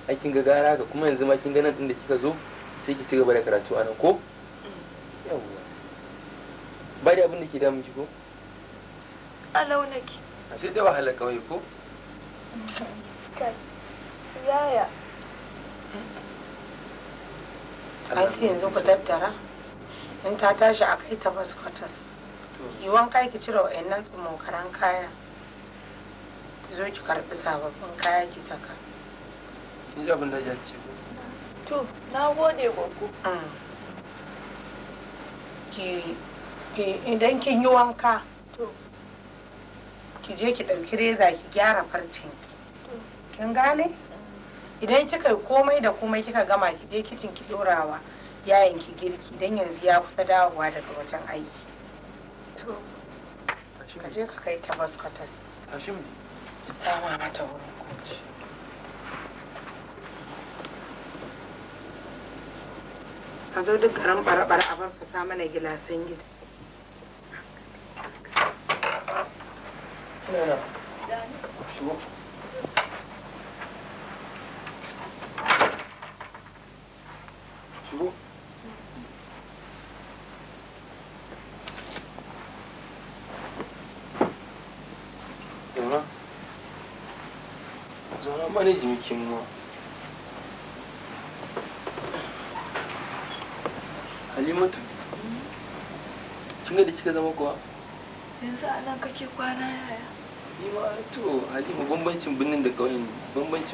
aikin ga gara ga kuma yanzu ma kin ganin din da kika zo sai ki ci gaba da karatu a nan ko mm. yawwa ba da abin da ke damun ki ko alau nake a sai da wahalar kawai ko mm. time. Yaya. Ai sai yanzu ku tattara. In ta tashi a kai ta bas kwatas. Yiwon kai ki cire wa'annan tsumokaran kaya. Ki zo ki karɓi sababbin kaya ki saka. Kin ji abin da ya ce To, na gode gogo. Mm. Ki idan kin yi wanka, to, ki je ki ɗauki reza ki gyara farcin kin gane idan kika komai da komai kika gama ki je kicin ki dorawa yayin ki girki dan yanzu ya kusa dawowa daga wajen aiki to ka je a bar mana gilasan shigo zauna zauna halimatu kin zama kuwa yanzu kwana yaya halima bambancin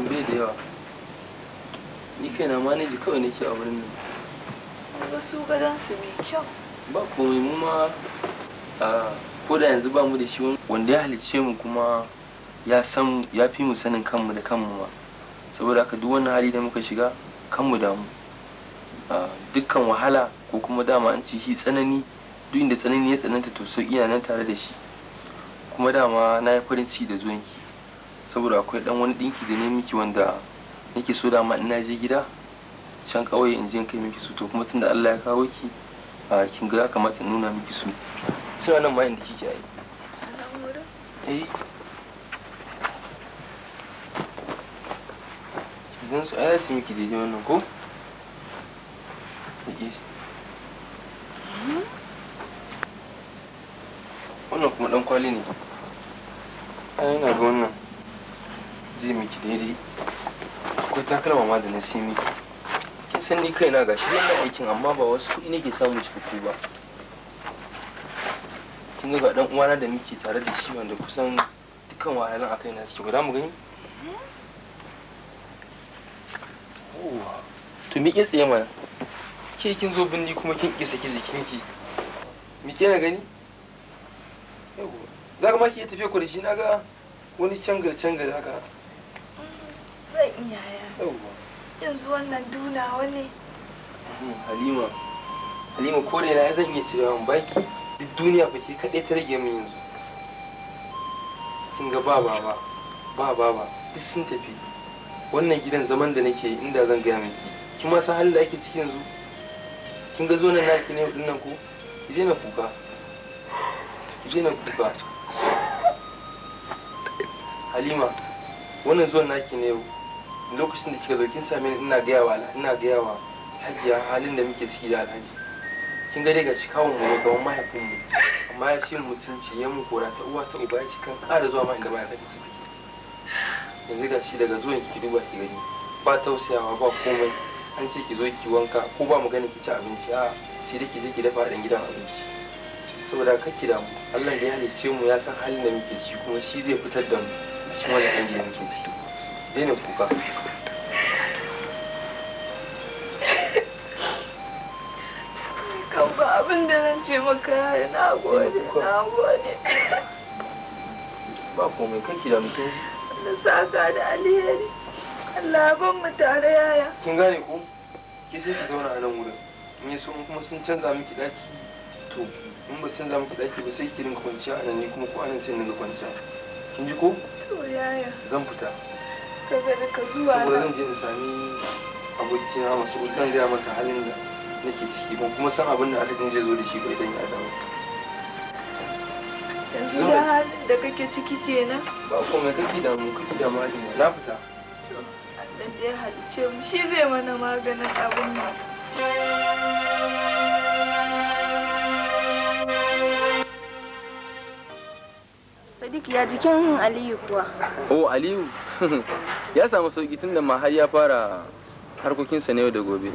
bai da yawa ni kai na maneji kawai nake a wurin nan ga su gadon su mai kyau ba komai mu ma ko da yanzu ba mu da shi wanda ya halicce mu kuma ya san ya fi mu sanin kanmu da kanmu ma saboda haka duk wani hali da muka shiga kanmu damu dukkan wahala ko kuma dama an ci shi tsanani duk inda tsanani ya tsananta to sauki na nan tare da shi kuma dama na yi farin ciki da zuwanki saboda akwai dan wani dinki da ne miki wanda nake so da ma ina je gida can kawai in je kai miki su to kuma tunda Allah ya kawo ki a kin ga kamata in nuna miki su sai wannan ma inda kike ai eh kin su ai su miki dai wannan ko wannan kuma dan kwali ne ai ina ga wannan zai miki daidai akwai takalma ma da na simi kin san ni kaina gashi ina aikin amma ba wasu kuɗi nake samu cikakku ba kin ga dan uwana da muke tare da shi wanda kusan dukkan wahalan akai na suke guda mu gani to mi tsaye mana ke kin zo bindi kuma kin ki saki jikinki mi ke na gani za ka ma ki tafiya ku da shi na ga wani cangal cangal haka zan iya ya yanzu wannan dunawa ne halima halima kore na zan iya cewa in baki duk duniya fa ce kaɗai ta rage min yanzu kin ga ba ba ba ba ba ba duk sun tafi wannan gidan zaman da nake inda zan gaya miki kin ma san halin da ake ciki yanzu kin ga zo nan naki ne din nan ko ki je na kuka ki je na kuka halima wannan zuwan naki ne yau lokacin da kika zo kin same ni ina gaya wa ina gaya wa hajiya halin da muke ciki da alhaji kin ga dai ga shi kawun mu gaban mahaifin mu amma ya shirin mutunci ya mu kora ta uwa ta uba ci kan ƙara zuwa ma inda ba ya kace su yanzu ga shi daga zuwan ki duba ki gani ba tausayawa ba komai an ce ki zo ki wanka ko ba mu gani ki ci abinci a shi da ki je ki dafa a gidan abinci saboda ki damu Allah da ya halicce mu ya san halin da muke ciki kuma shi zai fitar da mu shi ma da muke ne kuka kan ba abin da ce maka na gode na ba saka da alheri Allah tare yaya kin gane ko ke sai ki zauna a nan wurin in yi sun kuma sun canza miki daki to in ba canza miki daki ba sai ki dinga kwanciya a ni kuma ko sai dinga kwanciya kin ji ko zan fita saboda zan je na sami abokina su zan gaya masa halin da nake ciki ban kuma san abin da adadin zai zo da shi ba idan ya dawo yanzu da halin da kake ciki kenan ba komai kake damu kake da halin na fita Allah da ya halice mu shi zai mana maganin abin nan Sadiq ya jikin Aliyu kuwa. Oh Aliyu <laughs> ya samu sauki tun da ma har ya fara harkokinsa na yau da gobe.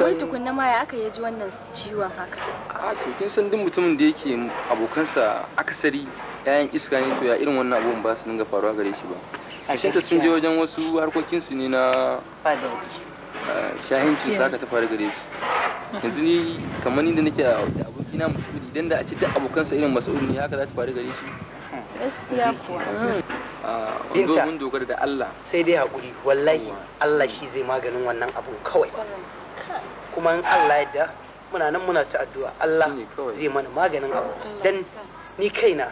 Wai tukunna ma ya aka ya ji wannan ciwon haka. A to kin san duk mutumin da yake abokansa akasari yayan iska ne to ya irin wannan abun ba su dinga faruwa gare shi ba. Ashe sun je wajen wasu harkokinsu ne na. Ba shahinci sa ta faru gare su yanzu ni kamar ni da nake a abokina musulmi idan da a ce duk abokansa irin ne haka za ta gare shi gaskiya kuwa binta eh, dogara da Allah sai dai hakuri wallahi Allah shi zai maganin wannan abun kawai kuma in Allah yadda muna nan muna ta addu'a Allah zai mana maganin abu dan ni kaina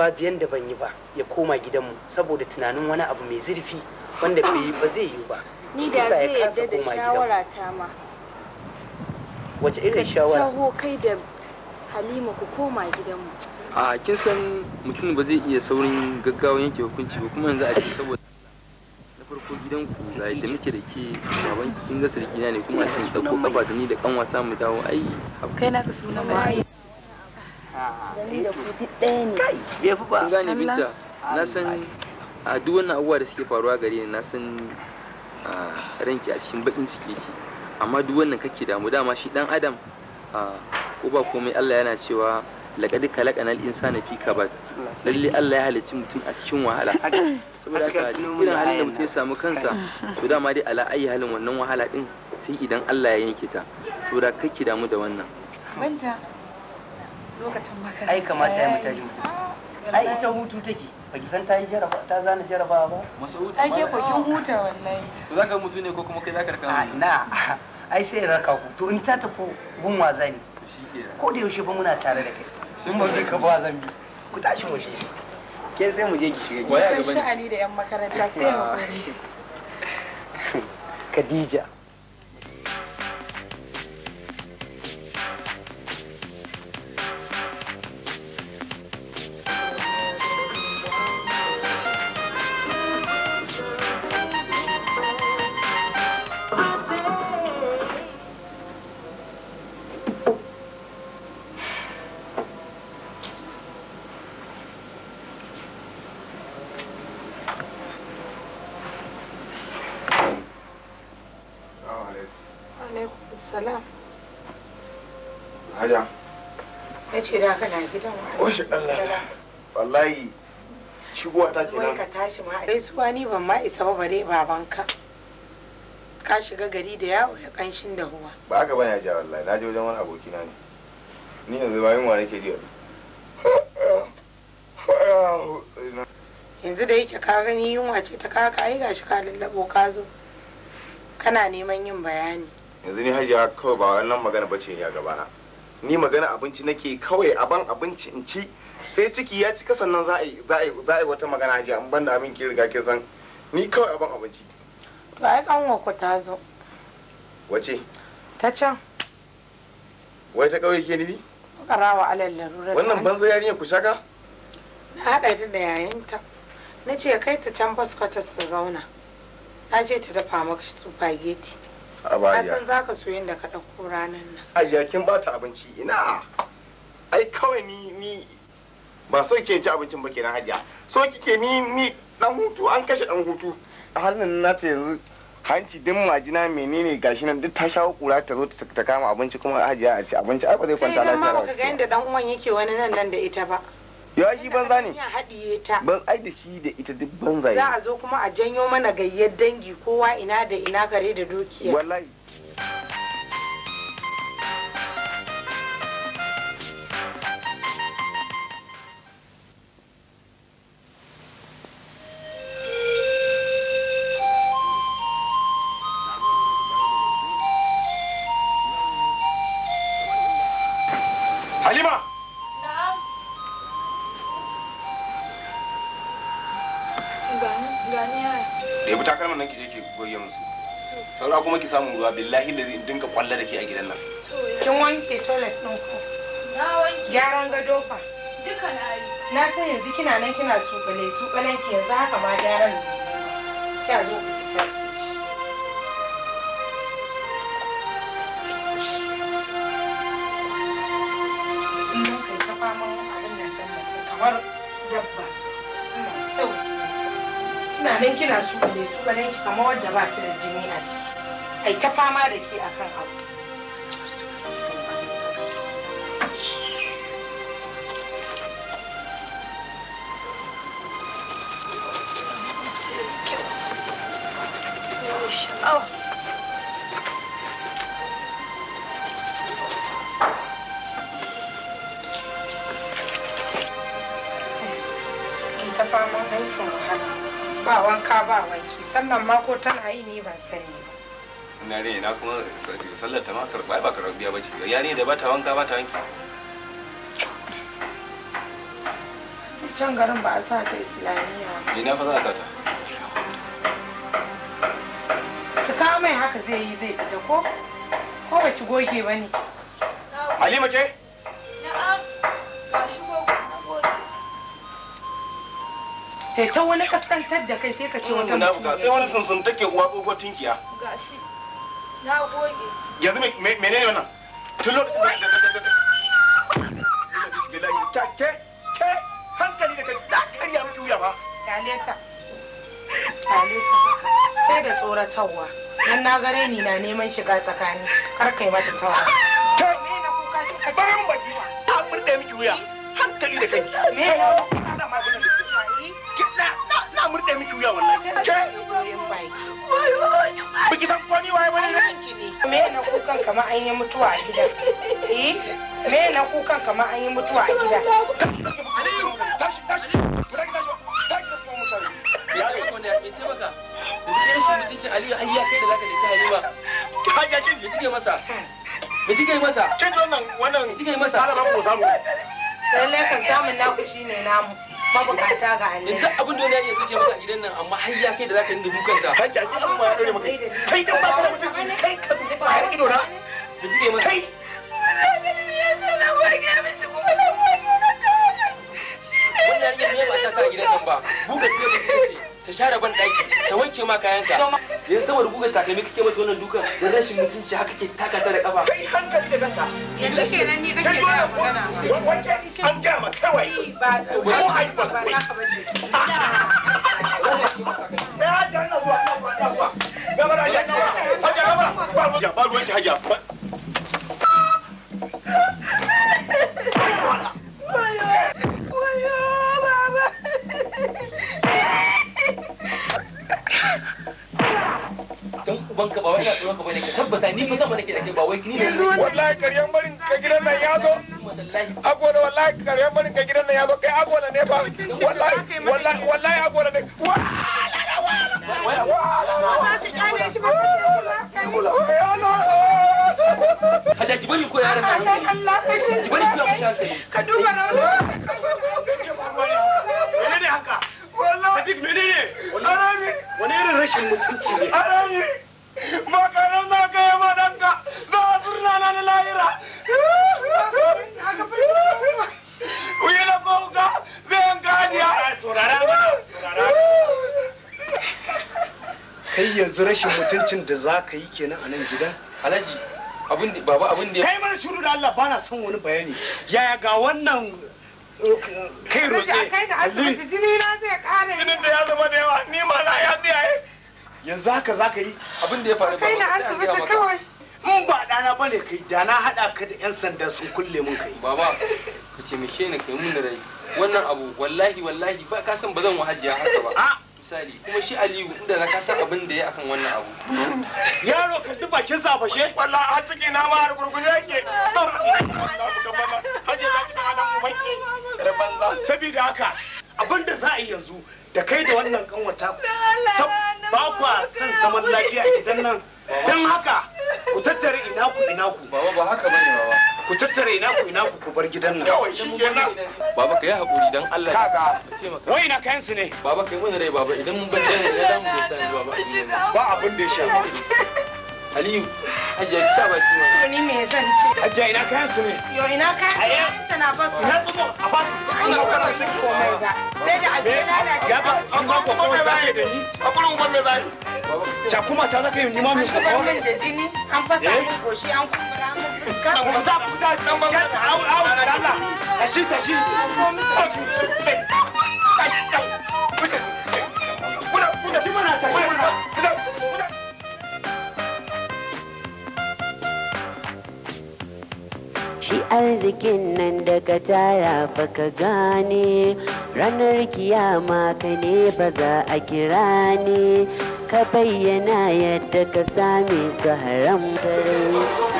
biyan da ban yi ba ya koma gidanmu saboda tunanin wani abu mai zurfi wanda bai ba zai yi ba ni da zai yadda da shawara ta ma wace irin shawara ka kai da halima ku koma gidanmu a kin san mutum ba zai iya saurin gaggawa yanke hukunci ba kuma yanzu a ce saboda na farko gidanku ga yadda muke da ke baban kin ga sirkina ne kuma sun tsako kafa da ni da kanwata mu dawo ai kai na ka sunan mai ah, da eh ne ba binta na san a duk wannan abubuwa da suke faruwa gare ni na san ranki a cikin bakin ciki yake amma duk wannan kake damu dama shi dan adam ko ba komai Allah yana cewa laqad khalaqanal insana fi kabad lalle Allah ya halicci mutum a cikin wahala saboda haka irin halin da mutum ya samu kansa to dama dai ala ayi halin wannan wahala din sai idan Allah ya yanke ta saboda kake damu da wannan banta lokacin makaranta ai kamata ya mutane eh. ai ita hutu take baki san ta yi jaraba ta zana jaraba ba mas'ud ai ke kokin huta wallahi to zaka mutu ne ko kuma kai zaka raka mu na ai sai raka ku to in ta tafi gun waza ne ko da yaushe ba muna tare da kai sun ba ka ba zan bi ku tashi mu shi ke sai mu je ki shiga gidan sha'ani da yan makaranta sai mu <laughs> Khadija gidan wani Allah wallahi shigowa ta kenan ka tashi ma gaisuwa ni ban ma isa ba bare babanka ka shiga gari da yawo da kanshin da huwa ba ka bane ja wallahi na je wajen wani aboki na ne ni yanzu ba yunwa ke ji yanzu da yake ka gani yunwa ce ta kaka ai gashi ka lallabo ka zo kana neman yin bayani yanzu ni hajiya kawai ba wannan magana bace ya gabana ni magana abinci nake kawai aban abinci in ci sai ciki ya cika sannan za a yi wata magana ji an banda abin ki riga ke san ni kawai aban abinci to ai kanwa ku ta zo wace ta can wai ta kawai ke nibi karawa alal larura wannan banza yarinya ku shaka na haɗa ta da yayinta na ce kai ta can baskwatar ta zauna na je ta dafa maka spaghetti a baya san ka so yanda ka ɗauko ranar nan ayya kin ta abinci ina ai kawai ni ni ba so kike ci abincin ba kenan hajiya so kike ni ni ɗan hutu an kashe ɗan hutu a halin na ta yanzu hanci din majina menene gashi nan duk ta shawo kura ta zo ta kama abinci kuma hajiya a ci abinci ai ba zai kwanta eh, lafiya ba kai ma baka ga yanda dan uwan yake wani nan nan da ita ba ya shi banza ne ban ai da shi da ita duk banza za a zo kuma a janyo mana gayyar dangi kowa ina da ina kare da dukiya wallahi an kuma ki samu ruwa billahi da in dinka kwalla da ke a gidan nan kin wanke toilet din ku na wanke gyaran gado fa duka na yi na san yanzu kina nan kina tsubale tsubalen ki yanzu haka ma gyaran ne ya zo ku isa kamar dabba ina nan kina su ne su ki kamar wadda ba ta da jini a ai ta fama da ke akan abu ba wanka ba wanki sannan mako tana yi ne ban sani ba yare ina kuma sallar ta ba ba ce da ba ta wanka ba ta wanki can garin ba a sa ta islamiyya ina fa za a sa ta ki kawo mai haka zai yi zai fita ko ko ba ki goge ba ne halima ce Sai ta wani kaskantar da kai sai ka ce wata mutum sai wani sunsun take uwa tsohuwar tinkiya gashi na goge yanzu menene wannan tun lokacin da ke ke ke hankali da ka da karya mu wuya ba daleta daleta sai da tsoratawa. dan na gare ni na neman shiga tsakani kar kai mata tawa ke me na kuka shi ka barin baki ta burɗe miki wuya hankali da kai me na na murde miki wuya wallahi ke Biki san waye wani ne? Me na kukan kamar an yi mutuwa a gida? Eh? Me na kukan an yi mutuwa a gida? Me kike masa? Kin wannan kike masa. ba ku samu. Lalle kan samun naku shine namu. mabukata ga Allah duk abin duniya yanzu ke maka gidan nan amma har ya kai da zaka dinga dukan ta kai ki amma ya dore maka kai dan ba ka mutunci kai ka ba har ido na da jike masa kai wannan yarinya ne ba sa ta gidan nan ba buga ce ta share ban daki ta wanke ma kayanka yanzu saboda ta kai kake mata wannan dukan da rashin mutunci haka ke taka ta da kafa kai hankali da kanka yanzu kenan ni kake da magana wanda an ga ma kawai ba ko ai ba na janna wa na wa gabara ya haja gabara ba ja ba ruwan ki haja dan uban ka ba wai ina tsoron ka bane ka tabbata ni fa sama nake da kai ba wai ni ne wallahi karyan barin ka gidan nan ya zo agwala wallahi karyan barin ka gidan nan ya zo kai agwala ne ba wallahi wallahi wallahi agwala ne Hada ki bari ko yaran nan. Allah ka shi. Ki bari kula mushi hankali. Ka duba rawa. Menene haka? Wallahi. Sadiq menene? Wallahi. wani rashin mutunci ne alani makarar za ka yi madanka za a zurna na na lahira Uyi na bauka zai yanka gajiya. kai yanzu rashin mutuncin da za ka yi kenan a nan gidan alhaji abin da baba abin da kai mana shuru da Allah bana son wani bayani yaya ga wannan kai sai kai jini na zai kare jinin da ya zama da yawa ni ma na ya tsiyaye yanzu haka zaka yi abin da ya faru kai na asibiti kawai in ba dana bane kai da na hada ka da yan sanda sun kulle mun kai baba ka ce taimake ni kai mun da rai wannan abu wallahi wallahi ba ka san ba zan wahajiya haka ba misali kuma shi aliyu inda na kasa abin da ya akan wannan abu yaro kalli bakin sa safashe wallahi har ciki na ma har gurguje yake haje za ki kana ubanki da banza saboda haka abin da za a yi yanzu da kai da wannan kanwata ba kwa san zaman lafiya gidan nan don haka ku tattara ina ku ina ku baba ba haka bane baba ku tattara ina ku ina ku ku bar gidan nan kawai shi kenan baba kai hakuri dan Allah kaga wai na kayan su ne baba kai mun rai baba idan mun bar gidan nan da mu san baba ba abin da ya shafi Aliyu, Hajiya ki sa baki wani. To ni me zan ce? Hajiya ina kayan su ne. Yo ina kayan su ne. Tana ba su. Na tsumo a ba su. Ina ba na cin komai ba. Sai da aje lalace. Ya ba an ba ko kawai zai da ni. Akulun ban me zai. kuma ta zaka yi ni mu ko. An min da jini, an fasa eh? min goshi, an kumbura min fuska. An ta fuda can ban. Ka au au Allah. Tashi tashi. Kuna kuna shi mana tashi mana. shi arzikin nan daga ka ba ka gane ranar kiyama ka ne ba za a kira ne ka bayyana yadda ka same su haramtare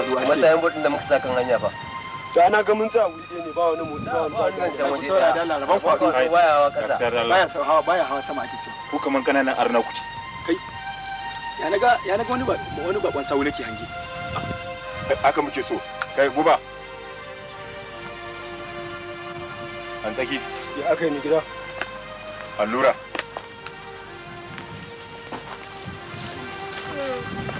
faduwa ce matsayin bodin da muka sa kan hanya ba da na ga mun tsaya ne ba wani mutum ba wani tsaya waje da da laraban ku akan baya hawa kasa baya hawa baya hawa sama ake ce ku kaman kananan arna kuce kai ya naga ya wani ba wani sawu nake hange haka muke so kai guba an tsaki ya aka yi ni gida allura hmm.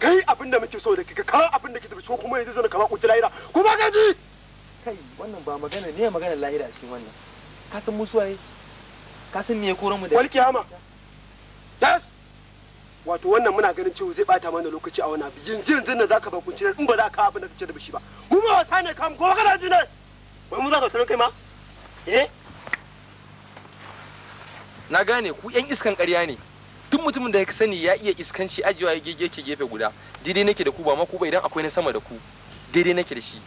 kai abin da muke so da kika ka abin da ke so kuma yanzu zan kama kuci lahira kuma ka ji kai wannan ba magana ne magana lahira a cikin wannan ka san mu suwaye ka san me ya koro mu da walki kiyama yes wato wannan muna ganin cewa zai bata mana lokaci a wani abu yanzu yanzu nan zaka ba kunci in ba za ka abin da kike da bishi ba mu ma wata ne kam ko kana ji ne wai mu za ka tsaro kai ma eh na gane ku yan iskan ƙarya ne duk mutumin da ya sani ya iya iskanci ajiyewa ya ke gefe guda daidai nake da ku ba ma ba idan akwai na sama da ku daidai nake da shi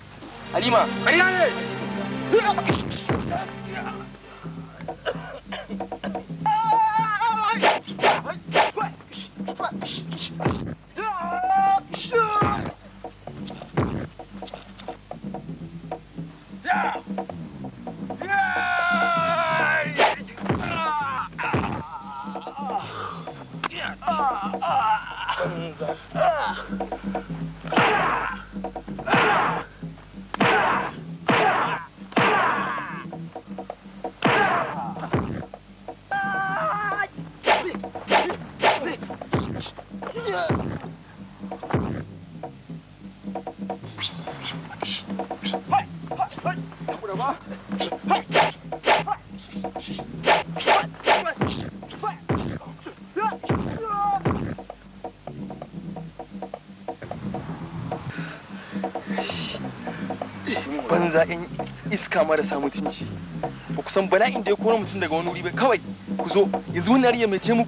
halima Yeah! 봐. iska marasa mutunci ba ku san bala'in da ya kora mutum daga wani wuri ba kawai ku zo yanzu wannan ya mai taimako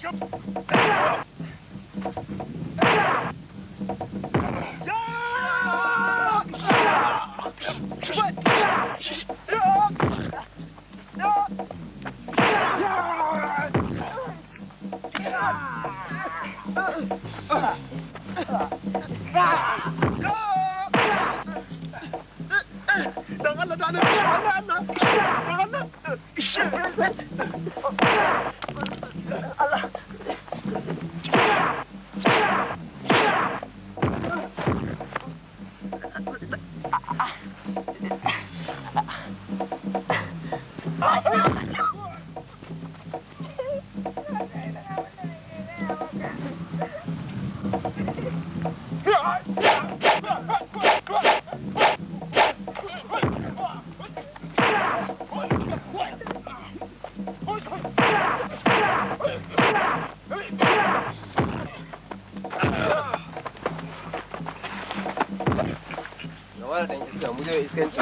Jump!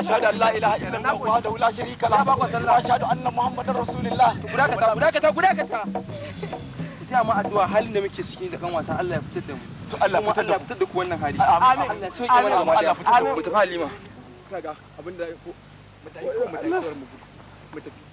ashhadu an la ilaha illallah wahdahu la sharika lahu wa ashhadu anna muhammadar rasulullah guda ka ta guda ka ta guda ka ta addu'a halin da muke ciki da kanwata Allah ya fitar da mu to Allah fitar da fitar da ku wannan hali amin Allah to yi mana Allah fitar da mu mu halima kaga abinda mu mu tafi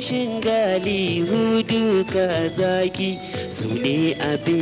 kashin gali hudu ka zaki su ne abin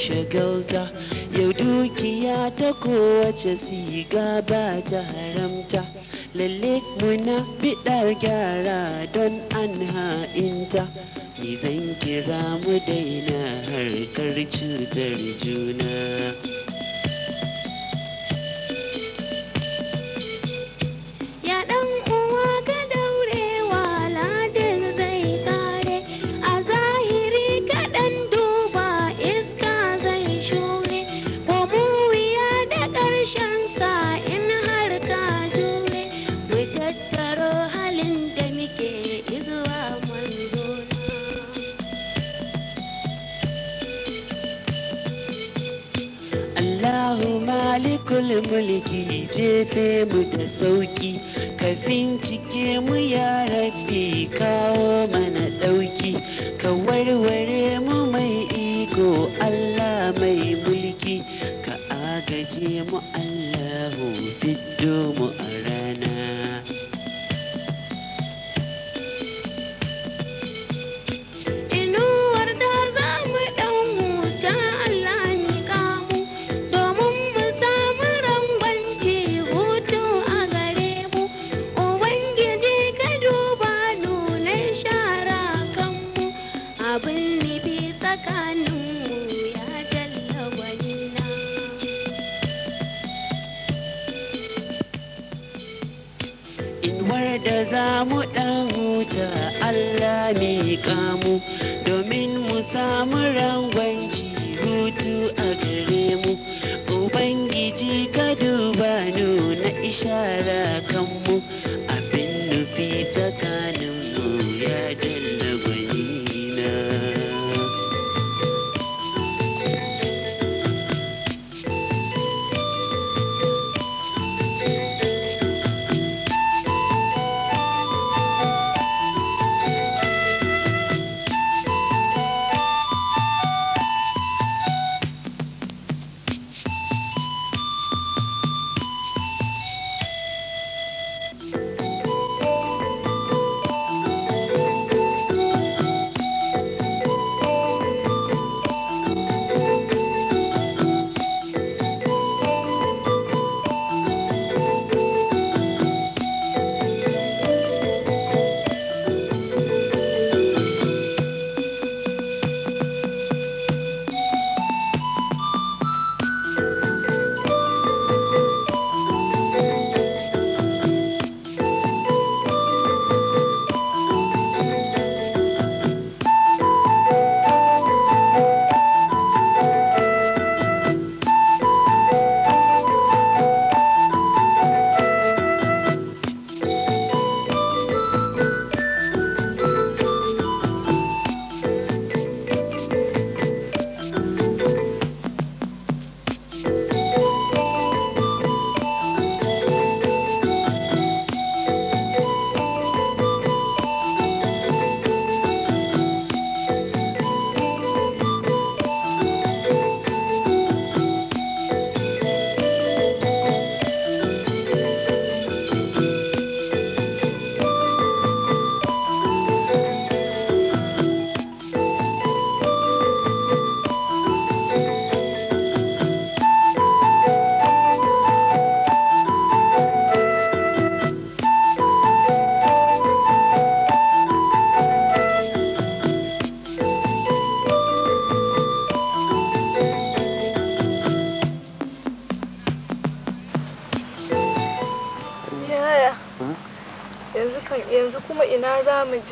shagalta yau dukiya ta kowace siga ba ta haramta lalle muna bidar gyara don an ha'inta ki zan kira mu daina harkar cutar juna jefe mu da sauki ka cike mu ya rafi kawo mana ɗauki ka warware mu mai iko Allah mai mulki ka agaje mu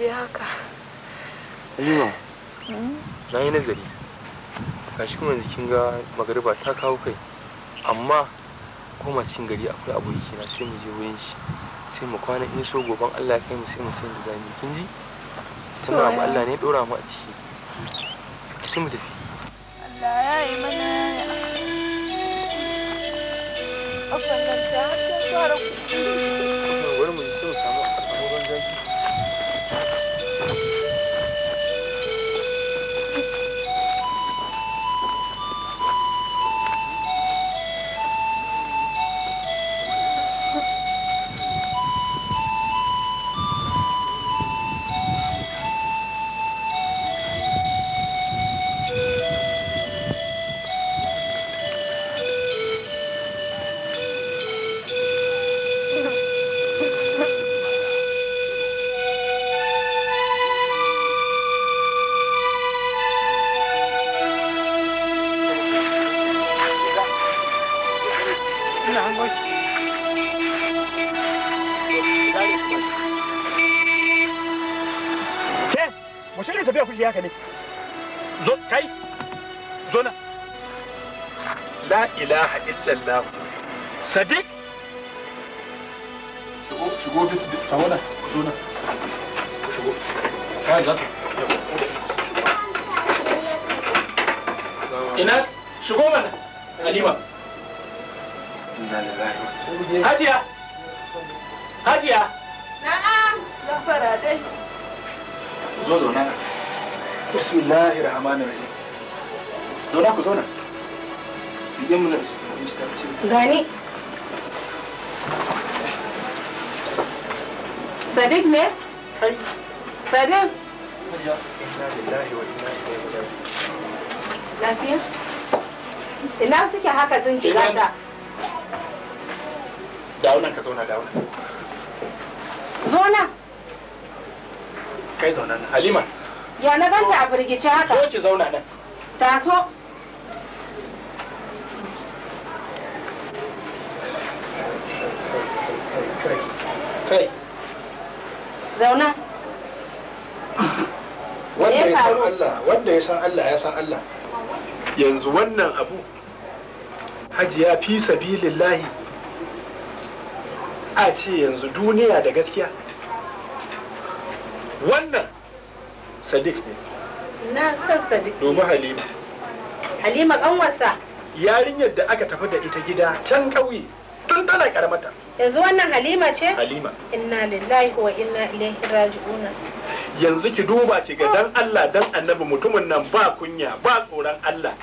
je haka Halima hmm? na yi nazari gashi kuma yanzu kin ga magariba ta kawo kai amma koma cikin gari akwai aboki na sai mu je wurin shi sai mu kwana in so goban Allah ya kai mu sai mu san da zamu kin ji tana mu Allah ne dora mu a ciki sai mu tafi Allah ya yi mana abban nan ta fara now. Sadiq? gani sadiq ne sadiq lafiya ina suke haka zin shiga da daunan ka zauna daunan zauna kai zauna halima ya na ganta a firgice haka ko ki zauna nan ta taso kai zauna wanda ya san Allah wanda ya san Allah ya san Allah yanzu wannan abu hajiya fi sabilillahi a ce yanzu duniya da gaskiya wannan sadiq ne na san sadiq domin halima halima kanwarsa yarinyar da aka tafi da ita gida can ƙauye tun tana karamata yanzu wannan halima ce halima inna lillahi wa inna ilaihi raji'una yanzu ki duba ki ga dan Allah dan annabi mutumin nan ba kunya ba tsoron Allah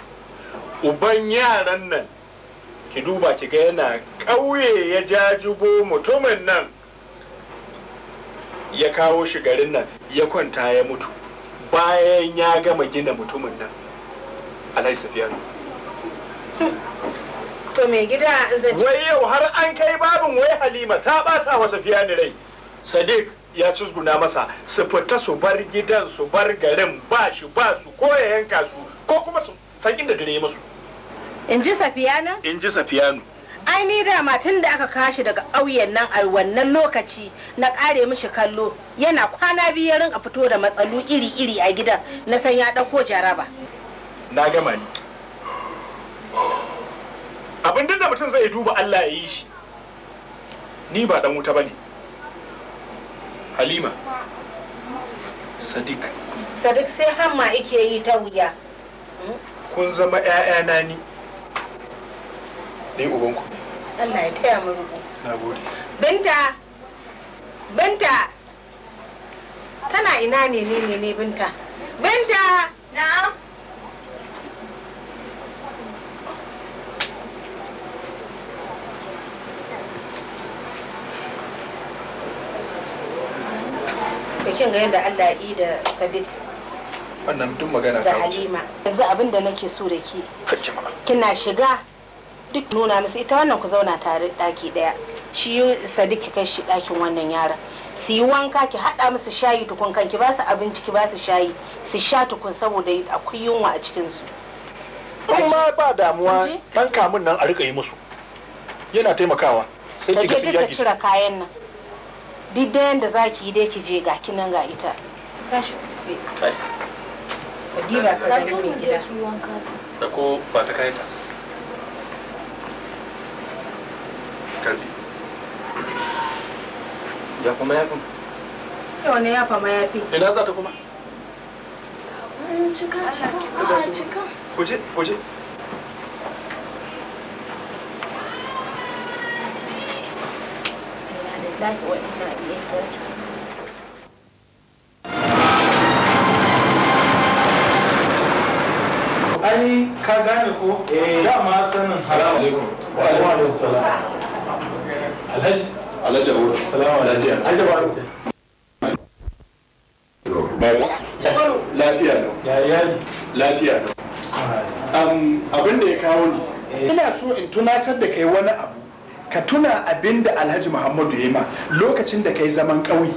uban yaran nan ki duba ki ga yana ƙauye ya jajubo mutumin nan ya kawo shi garin nan ya kwanta ya mutu bayan ya gama gina mutumin nan alhaji safiyanu To me gida zan Wai yau har an kai babin wai Halima ta bata wa Safiya ni rai. Sadiq ya cizguna masa su fita su bar gidan su bar garin ba shi ba su ko ya yanka su ko kuma su san inda dare musu. In ji Safiyana? In ji Safiyanu. Ai ni dama tun da aka kashi daga ƙauyen nan a wannan lokaci na ƙare mishi kallo yana kwana biyu a fito da matsalu iri-iri a gidan na san ya ɗauko jaraba. Na gama ni. abin da mutum zai duba Allah ya yi shi ni ba dan wuta bane halima sadiq sadiq sai hamma yake yi ta wuya kun zama na ni dai ubanku Allah ya taya mu rubu nagode binta binta tana ina ne ne ne binta binta na'am kin ga yadda Allah yi da Sadiq wannan duk magana ta Halima yanzu abin da nake so da ke kina shiga duk nuna musu ita wannan ku zauna tare daki daya shi Sadiq ki kai shi dakin wannan yara, su yi wanka ki hada musu shayi tukun kan ki ba su abinci ki ba su shayi su sha tukun saboda akwai yunwa a cikin su ma ba damuwa dan kamun nan a rika yi musu yana taimakawa sai ki ga su cire kayan nan duk da za ki yi dai ki je ga kinan ga ita tashi ku ta Kadiba ka gani mai gida da ko ba ta kai ta kalbi ya kuma ya fi yau ne ya fa ma ya fi ina za ta kuma an cika cika ku je ku je wallahi wa inna ilaihi raji'un ai ka gane ko eh. dama sanin haramu alaikum wa alaikum salam alhaji alhaji abu salamu alhaji alhaji baro baro lafiya ne ya iyali lafiya ne abin da ya kawo ni eh. ina so in tunasar da kai wani abu ka tuna abin da alhaji muhammadu ya ma lokacin da kai zaman ƙauye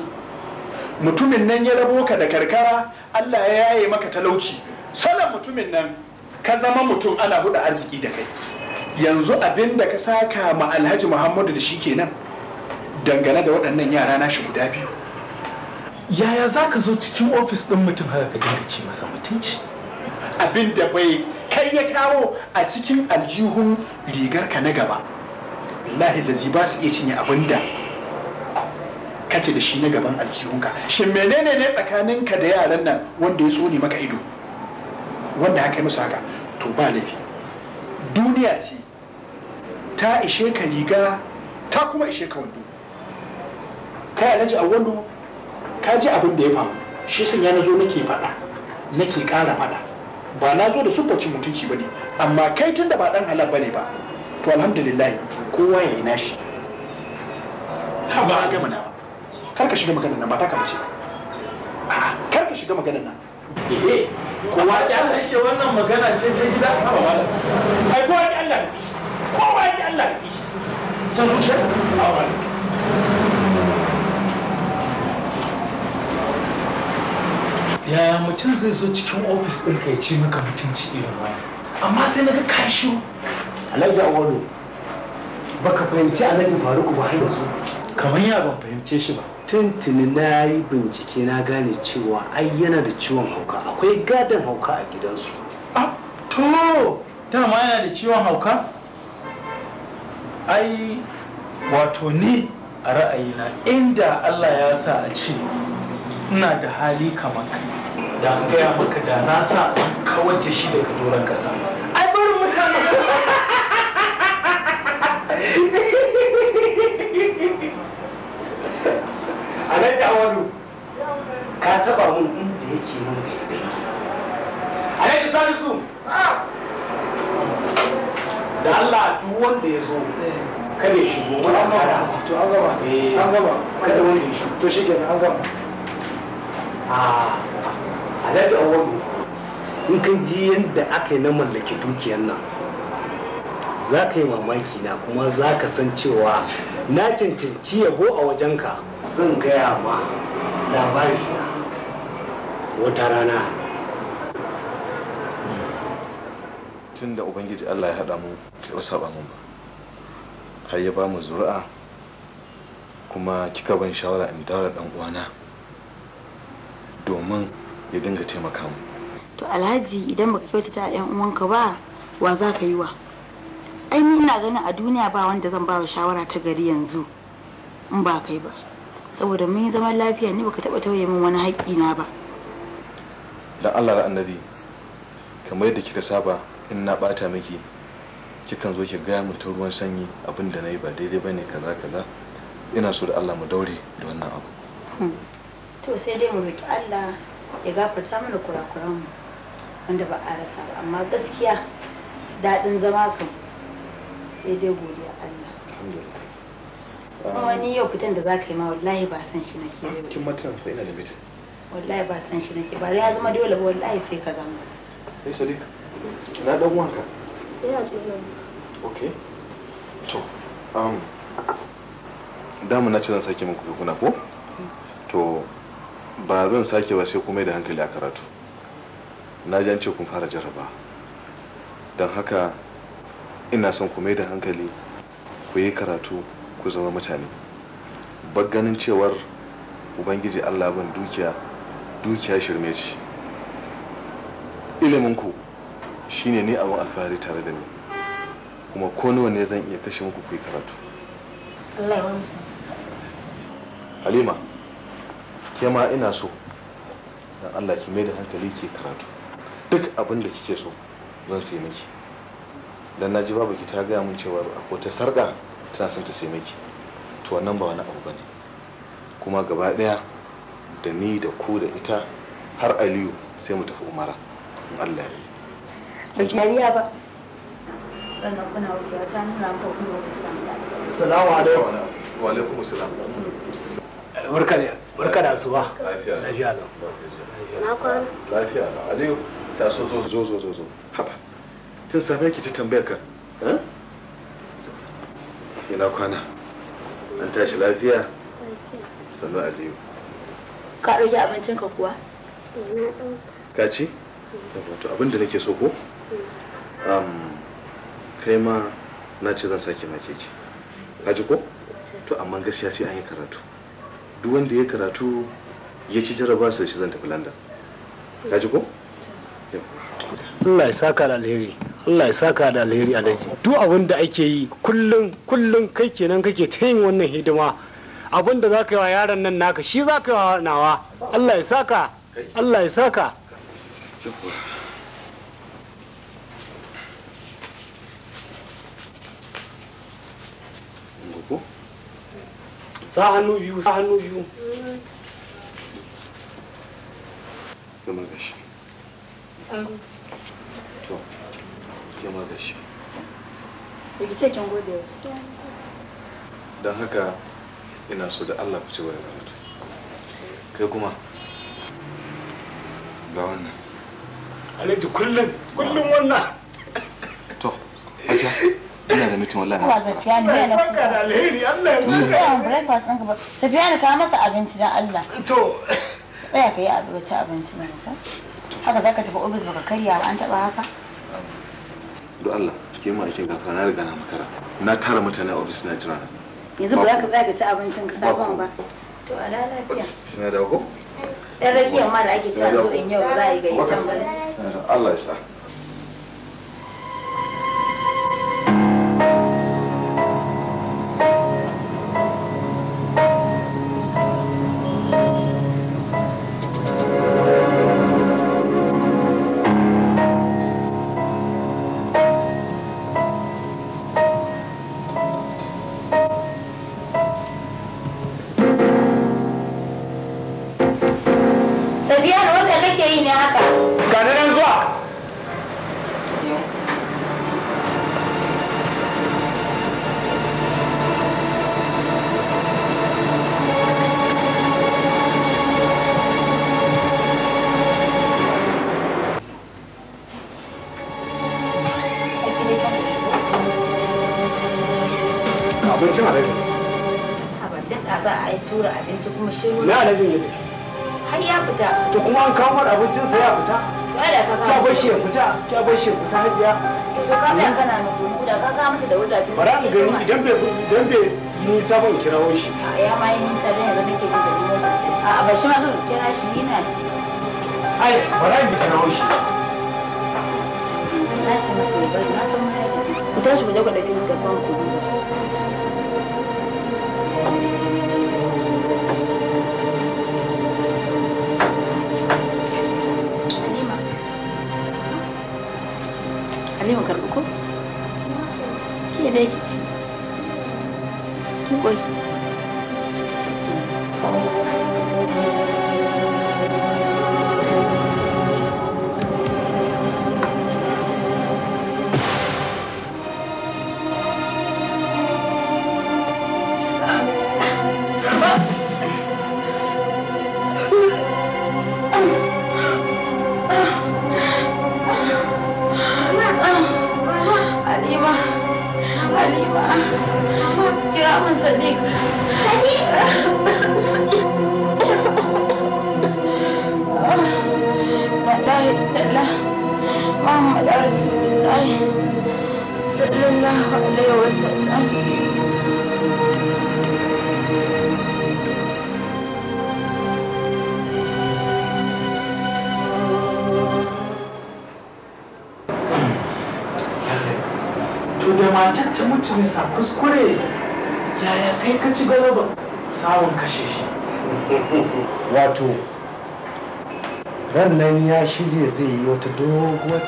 mutumin nan ya rabo ka da karkara allah ya yaye maka talauci salon mutumin nan ka zama mutum ana huda arziki da kai yanzu abin da ka saka ma alhaji muhammadu da shi kenan dangane da waɗannan yara shi guda biyu yaya za ka zo cikin ofis ɗin mutum haka ka dinga ce masa mutunci abin da bai kai ya kawo a cikin aljihun rigarka na gaba billahi da ba su iya cinye abin da kake da shi na gaban aljihunka shin menene ne tsakaninka da yaran nan wanda ya tsone maka ido wanda haka yi musu haka to ba laifi duniya ce ta ishe ka riga ta kuma ishe ka wando kai alhaji a wando ka ji abin da ya faru shi sun ya nazo nake faɗa nake ƙara faɗa ba na zo da sufacin mutunci ba ne amma kai tun da ba ɗan halal ba ne ba to alhamdulillah kowa ya yi nashi ha ba a gama na kar ka shiga maganar nan ba ta ka bace kar ka shiga maganar nan ehe kowa ya Allah wannan magana ce ce gida ha ba wala ai kowa ya Allah ka kowa ya Allah ka san zuciya ba wala ya mutum zai zo cikin ofis ɗin kai ce maka mutunci irin wani amma sai na ga kashi alhaji awolo baka fahimci alhaji faruku ba har su kamar ya ban fahimce shi ba tuntuni na yi bincike na gane cewa ai yana da ciwon hauka akwai gadon hauka a gidansu To to ma yana da ciwon hauka ai wato ni a ra'ayina inda allah ya sa a ce ina da hali kamar da an gaya maka da na sa an kawar shi daga doron ƙasa alhaji awadu ka taba mun inda yake mun gaibai alhaji salisu da Allah duk wanda ya zo kada ya shigo wani an gama to an gama eh, an gama kada wani ya shigo to shikenan an gama a ah, alhaji awadu in kan ji yadda aka yi na mallaki dukiyar nan za ka yi mamaki na kuma za ka san cewa na cancanci yabo a wajenka zan gaya ma labari na wata rana tun da ubangiji allah ya haɗa mu taɓa saba mun ba har ya ba mu zuri'a kuma kika ban shawara in daura ɗan uwana domin ya dinga taimaka mu to alhaji idan baka kyauta ta 'yan uwanka ba wa za ka yi wa ai ni ina ganin a duniya ba wanda zan ba wa shawara ta gari yanzu in ba kai ba saboda mun yi zaman lafiya ne baka taba tauye min wani haƙƙi na ba dan Allah da annabi kamar yadda kika saba in na bata miki kikan zo ki ga mu ta ruwan sanyi abinda nayi na yi ba daidai bane kaza kaza ina so da Allah mu daure da wannan abu hmm. to sai dai mu roki Allah ya gafarta mana kurakuran mu wanda ba a rasa ba amma gaskiya daɗin zama kan sai dai godiya kuma wani yau fitan da baka yi ma wallahi ba san shi nake ke. kin matan fa ina da mita wallahi ba san shi nake ba ya zama dole ba wallahi sai ka gama eh sadiq na dan wanka ina cikin okay to um damu na ce zan sake muku kuna ko to ba zan sake ba sai kuma da hankali a karatu na ji an ce kun fara jaraba don haka ina son ku mai da hankali ku yi karatu ku zama mutane ganin cewar ubangiji allah ban dukiya dukiya shirme ce iliminku shine ne abin alfahari tare da ni kuma ko nawa ne zan iya kashe muku kai karatu allah ya halima ke ina so don allah ki mai da hankali ke karatu duk abin da kike so zan sai miki don na ji babu ki ta gaya min cewa akwai ta sarƙa tana son ta sai miki to wannan ba wani abu bane kuma gaba daya da ni da ku da ita har aliyu sai mu tafi umara in allah ya yi dariya ba wannan kuna wucewa ta nuna ko kuma wucewa assalamu alaikum wa alaikum assalam barka da barka da asuba lafiya lau lafiya lau aliyu ta so zo zo zo zo haba tun safe ki ta tambayar ka ina kwana an tashi lafiya sannu aliyu ka ɗauki abincinka kuwa ka ci wato abin da nake so ko kai ma na ce zan sake make ki ka ji ko to amma gaskiya sai an yi karatu duk wanda ya karatu ya ci jaraba su shi zan tafi Landan. ka ji ko Allah ya saka alheri Allah ya saka da alheri alhaji duk abin da ake yi kullum kullum kai kenan kake ta yin wannan hidima abin da za ka yi wa yaron nan naka shi za ka yi wa nawa Allah ya saka Allah ya saka sa hannu biyu sa hannu biyu zama da shi rikice kin gode don haka ina so da allah ku ci da karatu kai kuma ga wannan alhaji kullum kullum wannan to aja ina da mutum wallahi ba za fiya ne ne Ba da alheri allah ya barka da breakfast ɗinka ba safiya ne ka masa abinci dan allah to tsaya ka yi abinci abinci ne ka. haka zaka tafi ofis baka karya ba an taba haka don Allah ke mu aikin gafa na riga na makara na tara mutane a ofis na jira yanzu ba za ka tsaya ka ci abincin ka sabon ba to a lafiya suna da ko yan rakiyar ma da ake ci a zo in yau za a yi gayyatar ba Allah ya sa sannan ya shirya zai yi wata doguwar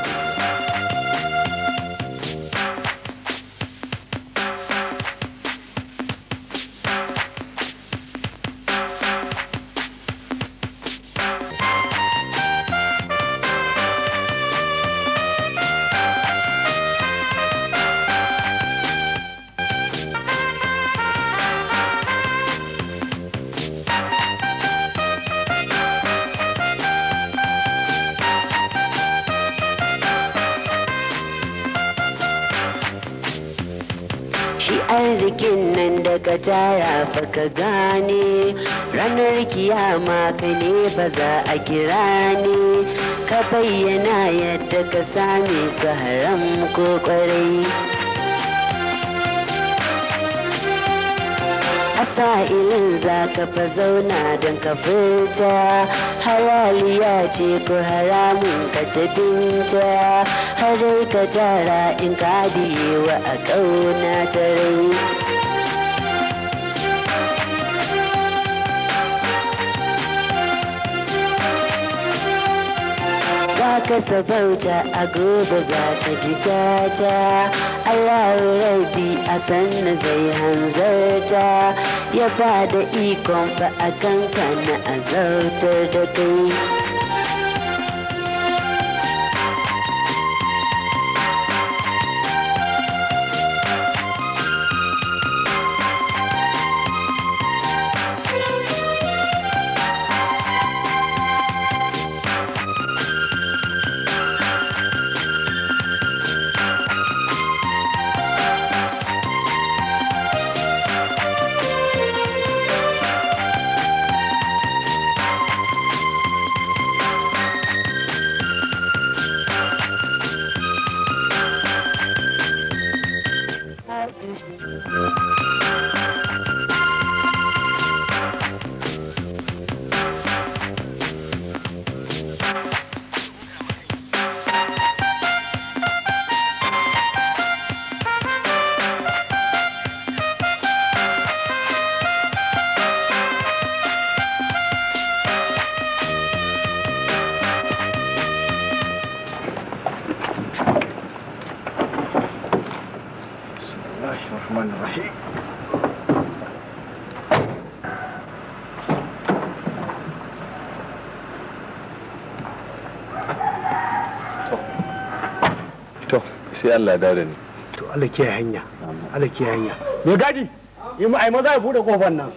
a kira ni ka bayyana yadda ka same su haram ko kwarai a sa'ilin za ka fa zauna don ka furta halaliya ce ko haramun ka ta binta har ka tara in ka biye wa a ƙauna ta rai Ka sabauta a gobe za ka ji gata Allah rabi a sanna zai hanzarta ya ba da ikon ba a kanka na azautar da kai sai Allah da da ni to Allah ke hanya Allah ke hanya me gadi yi mu ai maza ya bude kofar nan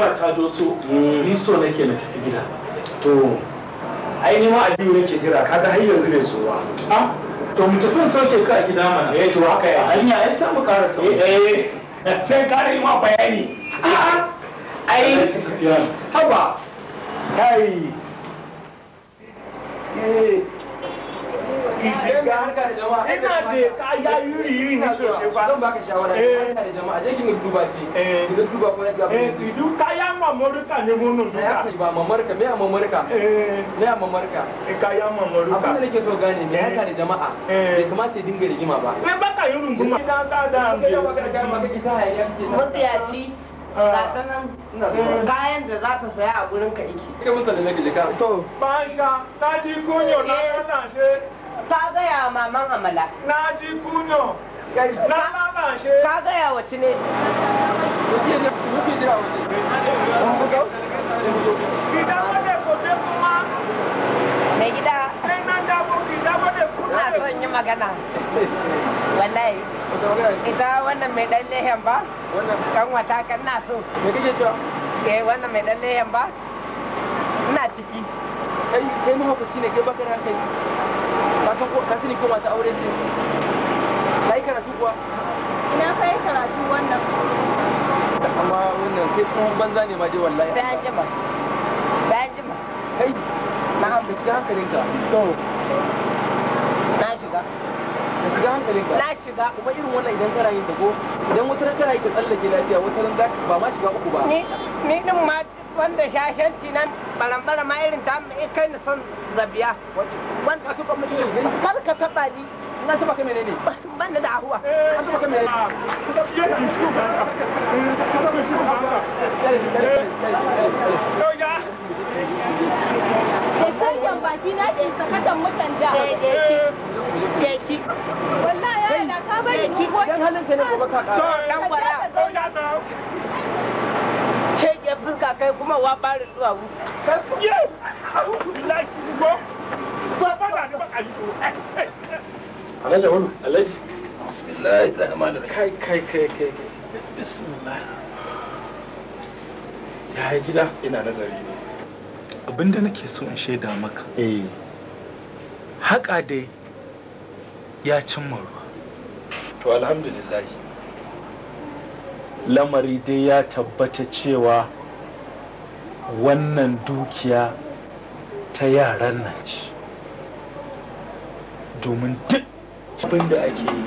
ba ta doso ni so nake na tafi gida to ai ma aliyu nake jira kaga har yanzu bai so ba ah, to mu tafi sauke ka a gida mana eh to haka ya hanya ai sai mu ƙara sauke eh, eh sai ƙara yi ma bayani a ah, a ah, ai haba kai eh. ina da ka amurka ne a duka a ba mamarka me mamarka eh. eh, ka ya mamarka abin da nake so gane ne haka eh. jama'a bai kamata ya dinga rigima ba me baka yi runguma idan ka da ambe ka baka da ki ah. ta hayya ki mutiyaci da za ta saya a gurin ka iki kai musa da nake lika to ta ji kunyo na kasance ta gaya maman amala na ji kunyo ka gaya wace ne mai gida na son yi magana wallahi ita wannan mai dan lehen ba kan wata kan na so eh wannan mai dan lehen ba ina ciki kai kai mahaukaci ne kai bakar hankali ka sani ko mata aure ce karatu kuwa ina ka yi karatu wannan amma wannan kai tsohon banza ne ma je wallahi bayan jima bayan jima kai na amsa shiga hankalinka to na shiga Na shiga hankalinka na shiga kuma irin wannan idan kana yin dago idan wata ran kana yi ka tsallake lafiya wata ran za ba ma shiga uku ba ni din ma wanda shashanci nan barambara ma irin ta mai eh, kai na son zabiya wanda ka taba ni na su baka menene ban da ahuwa an su baka menene na ce sakatan mutan da. Eh, Wallahi ka bari mu ko. Dan halin ka ne gobe ka Dan kai kuma wa bari zuwa duwawu kai ku kuye abu billahi go ba ba da ba a ali alaji wani alaji bismillah da amanar kai kai kai kai bismillah ya yi gida ina nazari ne abinda nake so in shaida maka eh haƙa dai ya cin ruwa to alhamdulillah lamari dai ya tabbata cewa wannan dukiya ta yaran nan ce domin duk abin da ake yi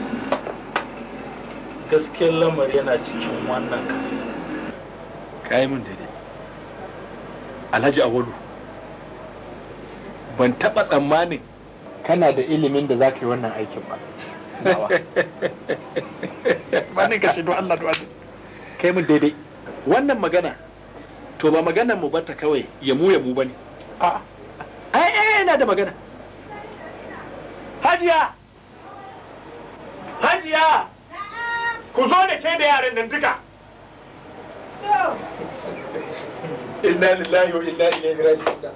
gaskiyar lamar yana cikin wannan kasa kayan min daidai alhaji awalu ban taɓa tsammanin kana da ilimin da za ka yi wannan aikin ba <laughs> ba ka shi don allah kai min daidai wannan magana to ba maganar mu bata kawai ya mu ya mu bane a'a ai eh ina da magana hajiya hajiya ku zo da ke da yaran nan duka inna lillahi wa inna ilaihi raji'un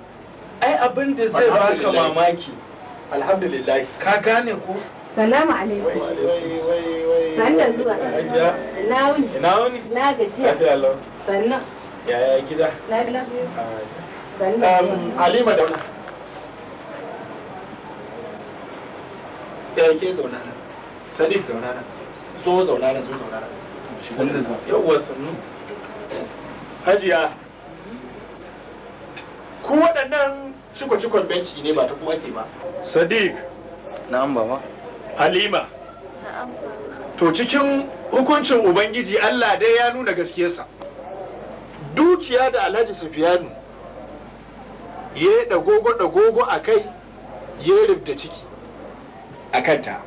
ai abin da zai baka mamaki alhamdulillah ka gane ko salamu alaikum da zuwa na wuni na gajiya sannan yaya gida ah, um, halima da ya eh, ke zauna na sadiq zauna na zo zauna na zo zauna na yawwa sannu hajiya ku waɗannan ciko-cikon benci ne ba ta kuma ke ba sadiq na'am baba halima to cikin hukuncin ubangiji allah dai ya nuna gaskiyarsa dukiya da alhaji sufiyanu ya yi ɗagogo-ɗagogo a kai ya yi rubda ciki a kanta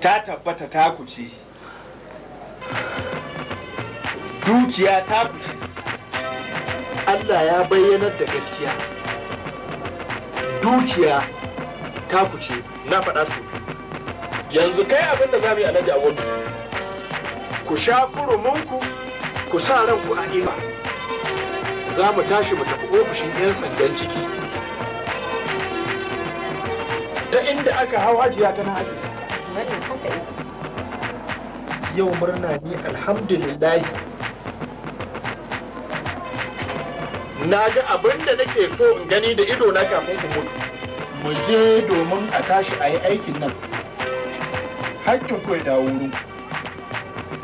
ta tabbata ta kuce dukiya ta kuce Allah ya bayyanar da gaskiya dukiya ta kuce na faɗa su yanzu kai abinda da za mu yi alhaji a ku sha kurumunku ku sa ranku a ima za mu tashi mu tafi ofishin 'yan sandan ciki ta inda aka hau hajiya ta nan yau murna ni alhamdulillahi na ga abin da nake so in gani da ido na kafin ku mutu mu je domin a tashi a yi aikin nan hakkin ku ya dawo wurin ku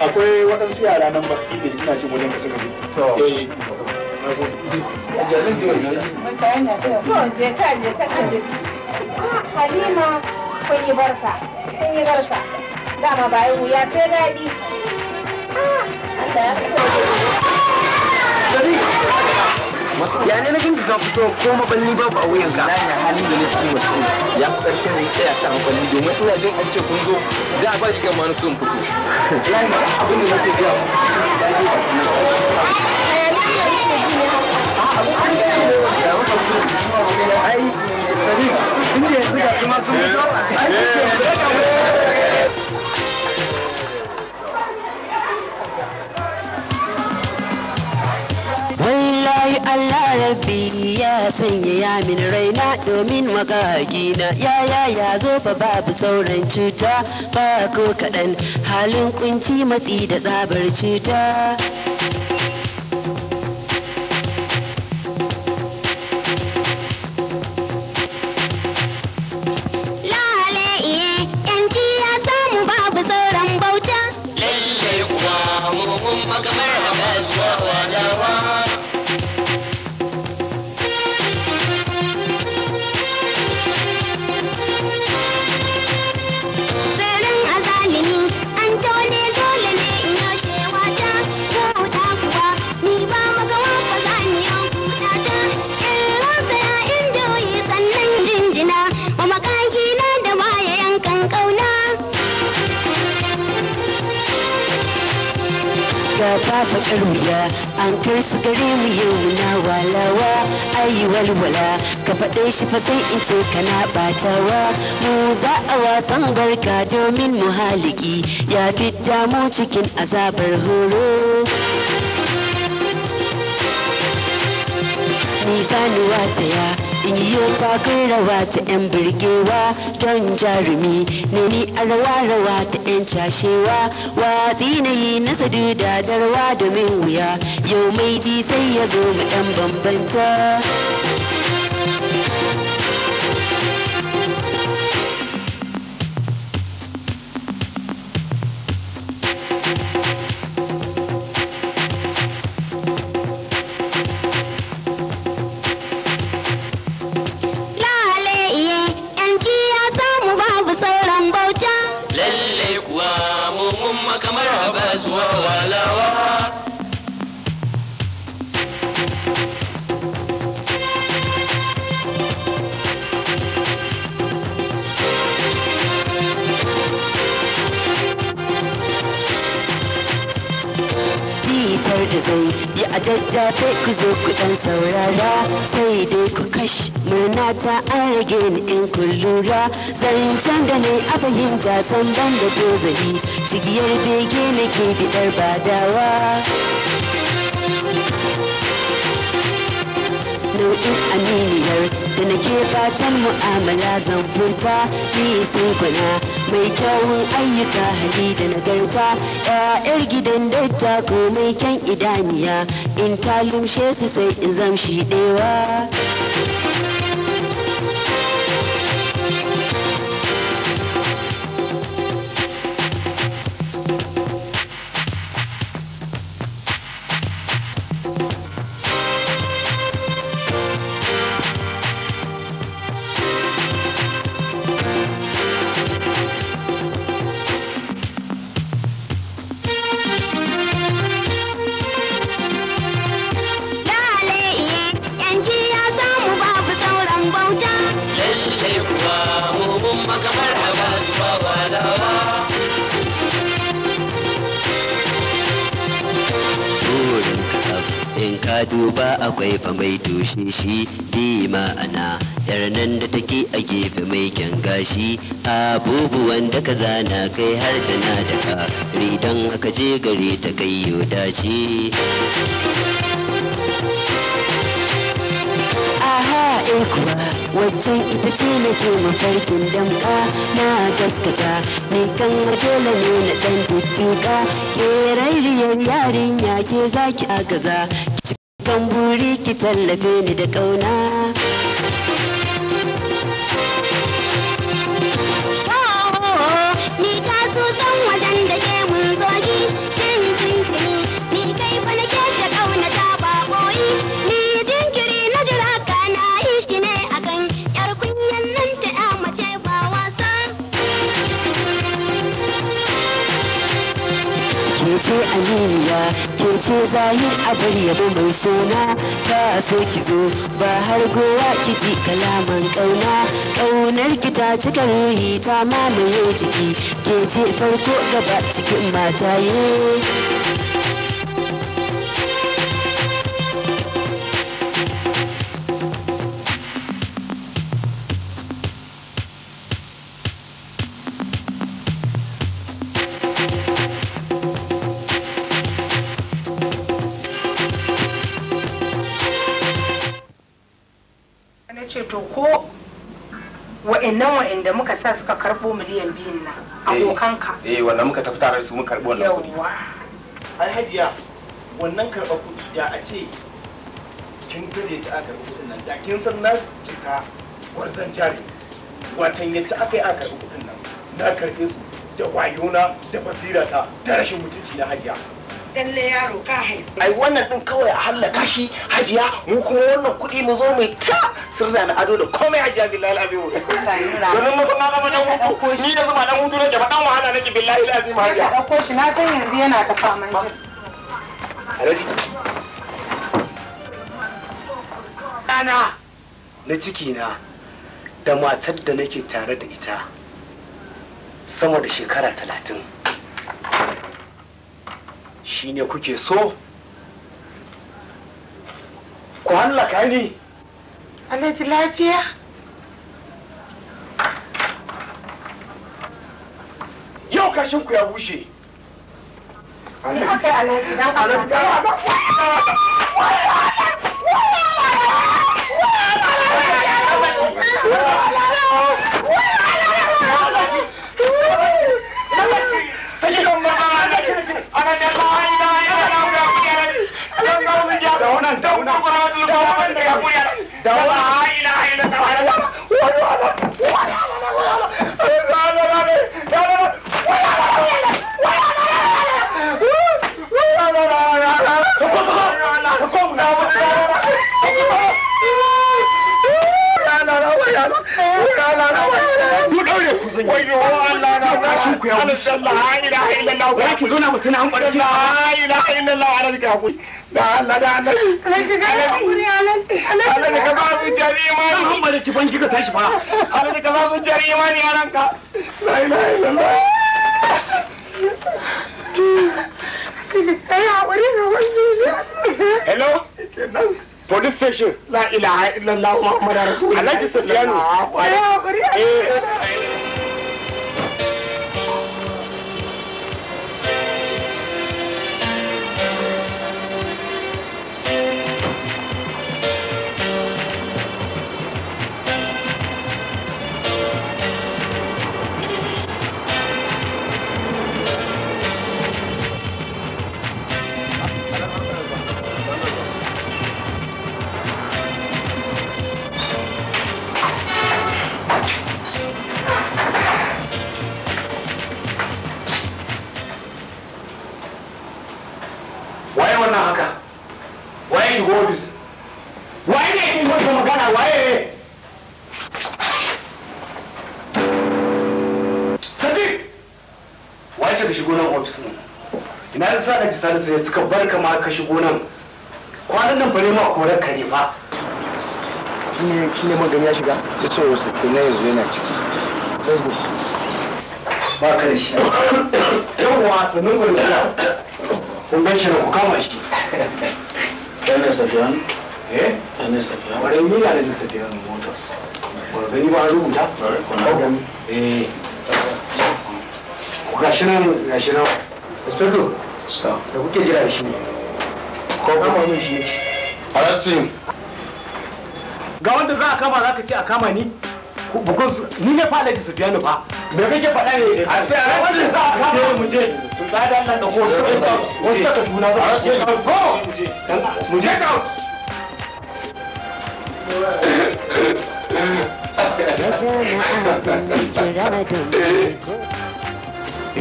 akwai waɗansu yara nan ba da ina jin wajen ka suka eh. Halima kun yi barka, kun yi barka. Dama bayan wuya sai daɗi. Ah, Allah ya ya ne na ganka fito ko maballi ba a wuyanka na ne da nake wasu ya fi karfin ne a maballi domin ina jin an ce kun zo ma fito abin da nake ga ai sadiq inda yanzu ga kuma sun ai Allah rabbi ya sanya ya min raina domin magagina ya ya ya zo fa babu sauran cuta ba ko kaɗan halin kunci matsi da tsabar cuta. bakar wuya an kai su gare mu yau na walawa ayi walwala ka faɗe shi fa sai in ce kana batawa mu za a wasan barka domin mu haliki ya fita mu cikin azabar horo igiyo takun rawa ta 'yan birgewa don jarumi ne ni a rawa-rawa ta 'yan cashewa watsi na yi na sadu da darwa domin wuya yau mai sai ya zo mu 'yan bambanta ne a fahimta san ban da tozali cigiyar bege nake bidar badawa nau'in aminiyar da nake fatan mu'amala zan furta ni sun kuna mai kyawun ayyuka hali da na nagarta ya'yar gidan datta ko mai kyan idaniya in ta lumshe su sai in zamshi ɗewa gefe mai toshe shi bi ma'ana yar da take a gefe mai kyan gashi abubuwan da ka zana kai har tana da ka ridan haka je gare ta kai yau dace eh kuwa waccan ita ce na ke mafarkin damka na gaskata ni kan wato ne na ɗan tuttuka rairiyar yarinya ke zaki a gaza tamburi ki tallafe ni da ƙauna. ce aminiya ke ce yi abar yabo mai suna ta so ki zo ba har gowa ki ji kalaman kauna kaunar ki ta cika ruhi ta mamaye jiki ke ce farko gaba cikin mataye kan biyun nan eh, abokanka eh wannan muka tafi tare su mun karɓi wannan kuɗi yawa ai hajiya wannan karɓar kuɗi da a ce kin gaje ta aka karɓi kuɗin nan da kin san na cika gwarzon jari watan yadda aka yi aka karɓi kuɗin nan na karɓe su da wayona da basirata da rashin mutunci na hajiya kyalle yaro ka haife ai wannan din kawai a hallaka shi hajiya mu kuma wannan kuɗi mu zo mu ta sirda na ado da komai hajiya billahi alazim domin mu kuma zama dan hutu ni yanzu ba dan hutu nake ba dan wahala nake billahi alazim hajiya ka dauko shi na san yanzu yana ta faman jin alaji ana na ciki na da matar da nake tare da ita sama da shekara talatin shine kuke so ku hallaka ni alhaji lafiya yau kashin ku ya bushe alhaji alhaji Wait, you're on. kashin ku ya wuce la ilaha illallah ki an la ilaha illallah da Allah da Allah su jari imani tashi su jari imani la ilaha illallah ga wani hello police station la ilaha illallah muhammadu rasulullah alhaji sufiyanu zai suka bar kama ka shigo nan kwanan nan bare ma korar kare ba shi ne magani ya shiga ya ce wasu ke na yanzu yana ciki let's go ba ka da shi yawwa sannan ku da kula kun gan shi ku kama shi ɗan safiyan eh ɗan safiyan wani mila da jin safiyan motors gani ba rubuta gani eh gashi nan gashi nan inspector da shi ne ga wanda za a kama za ka ce a kama ni because ni ne fa alhaji sufiyanu fa me kake faɗa ne a sai wanda za a kama mu je tsada Allah da ko wasu ta kaduna za a je ko mu je ka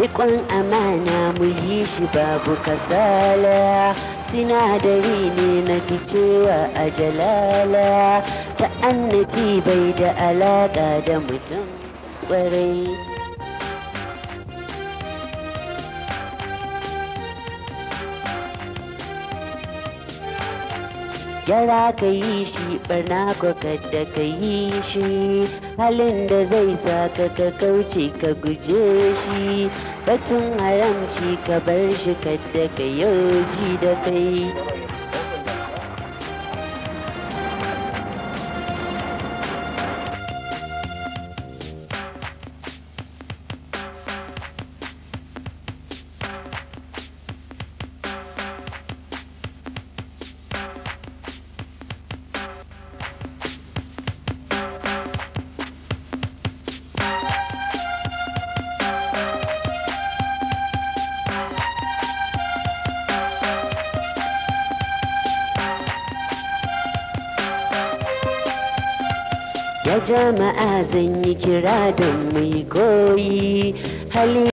rikon amana mu yi shi babu kasala sinadari ne na ficewa a jalala annati bai da alaka da mutum ƙwarai yara ka yi shi barna ko kada ka yi shi halin da zai sa ka ka kauce ka guje shi batun haramci ka bar shi kadda ka yauji da kai jama'a zan yi kira don mai koyi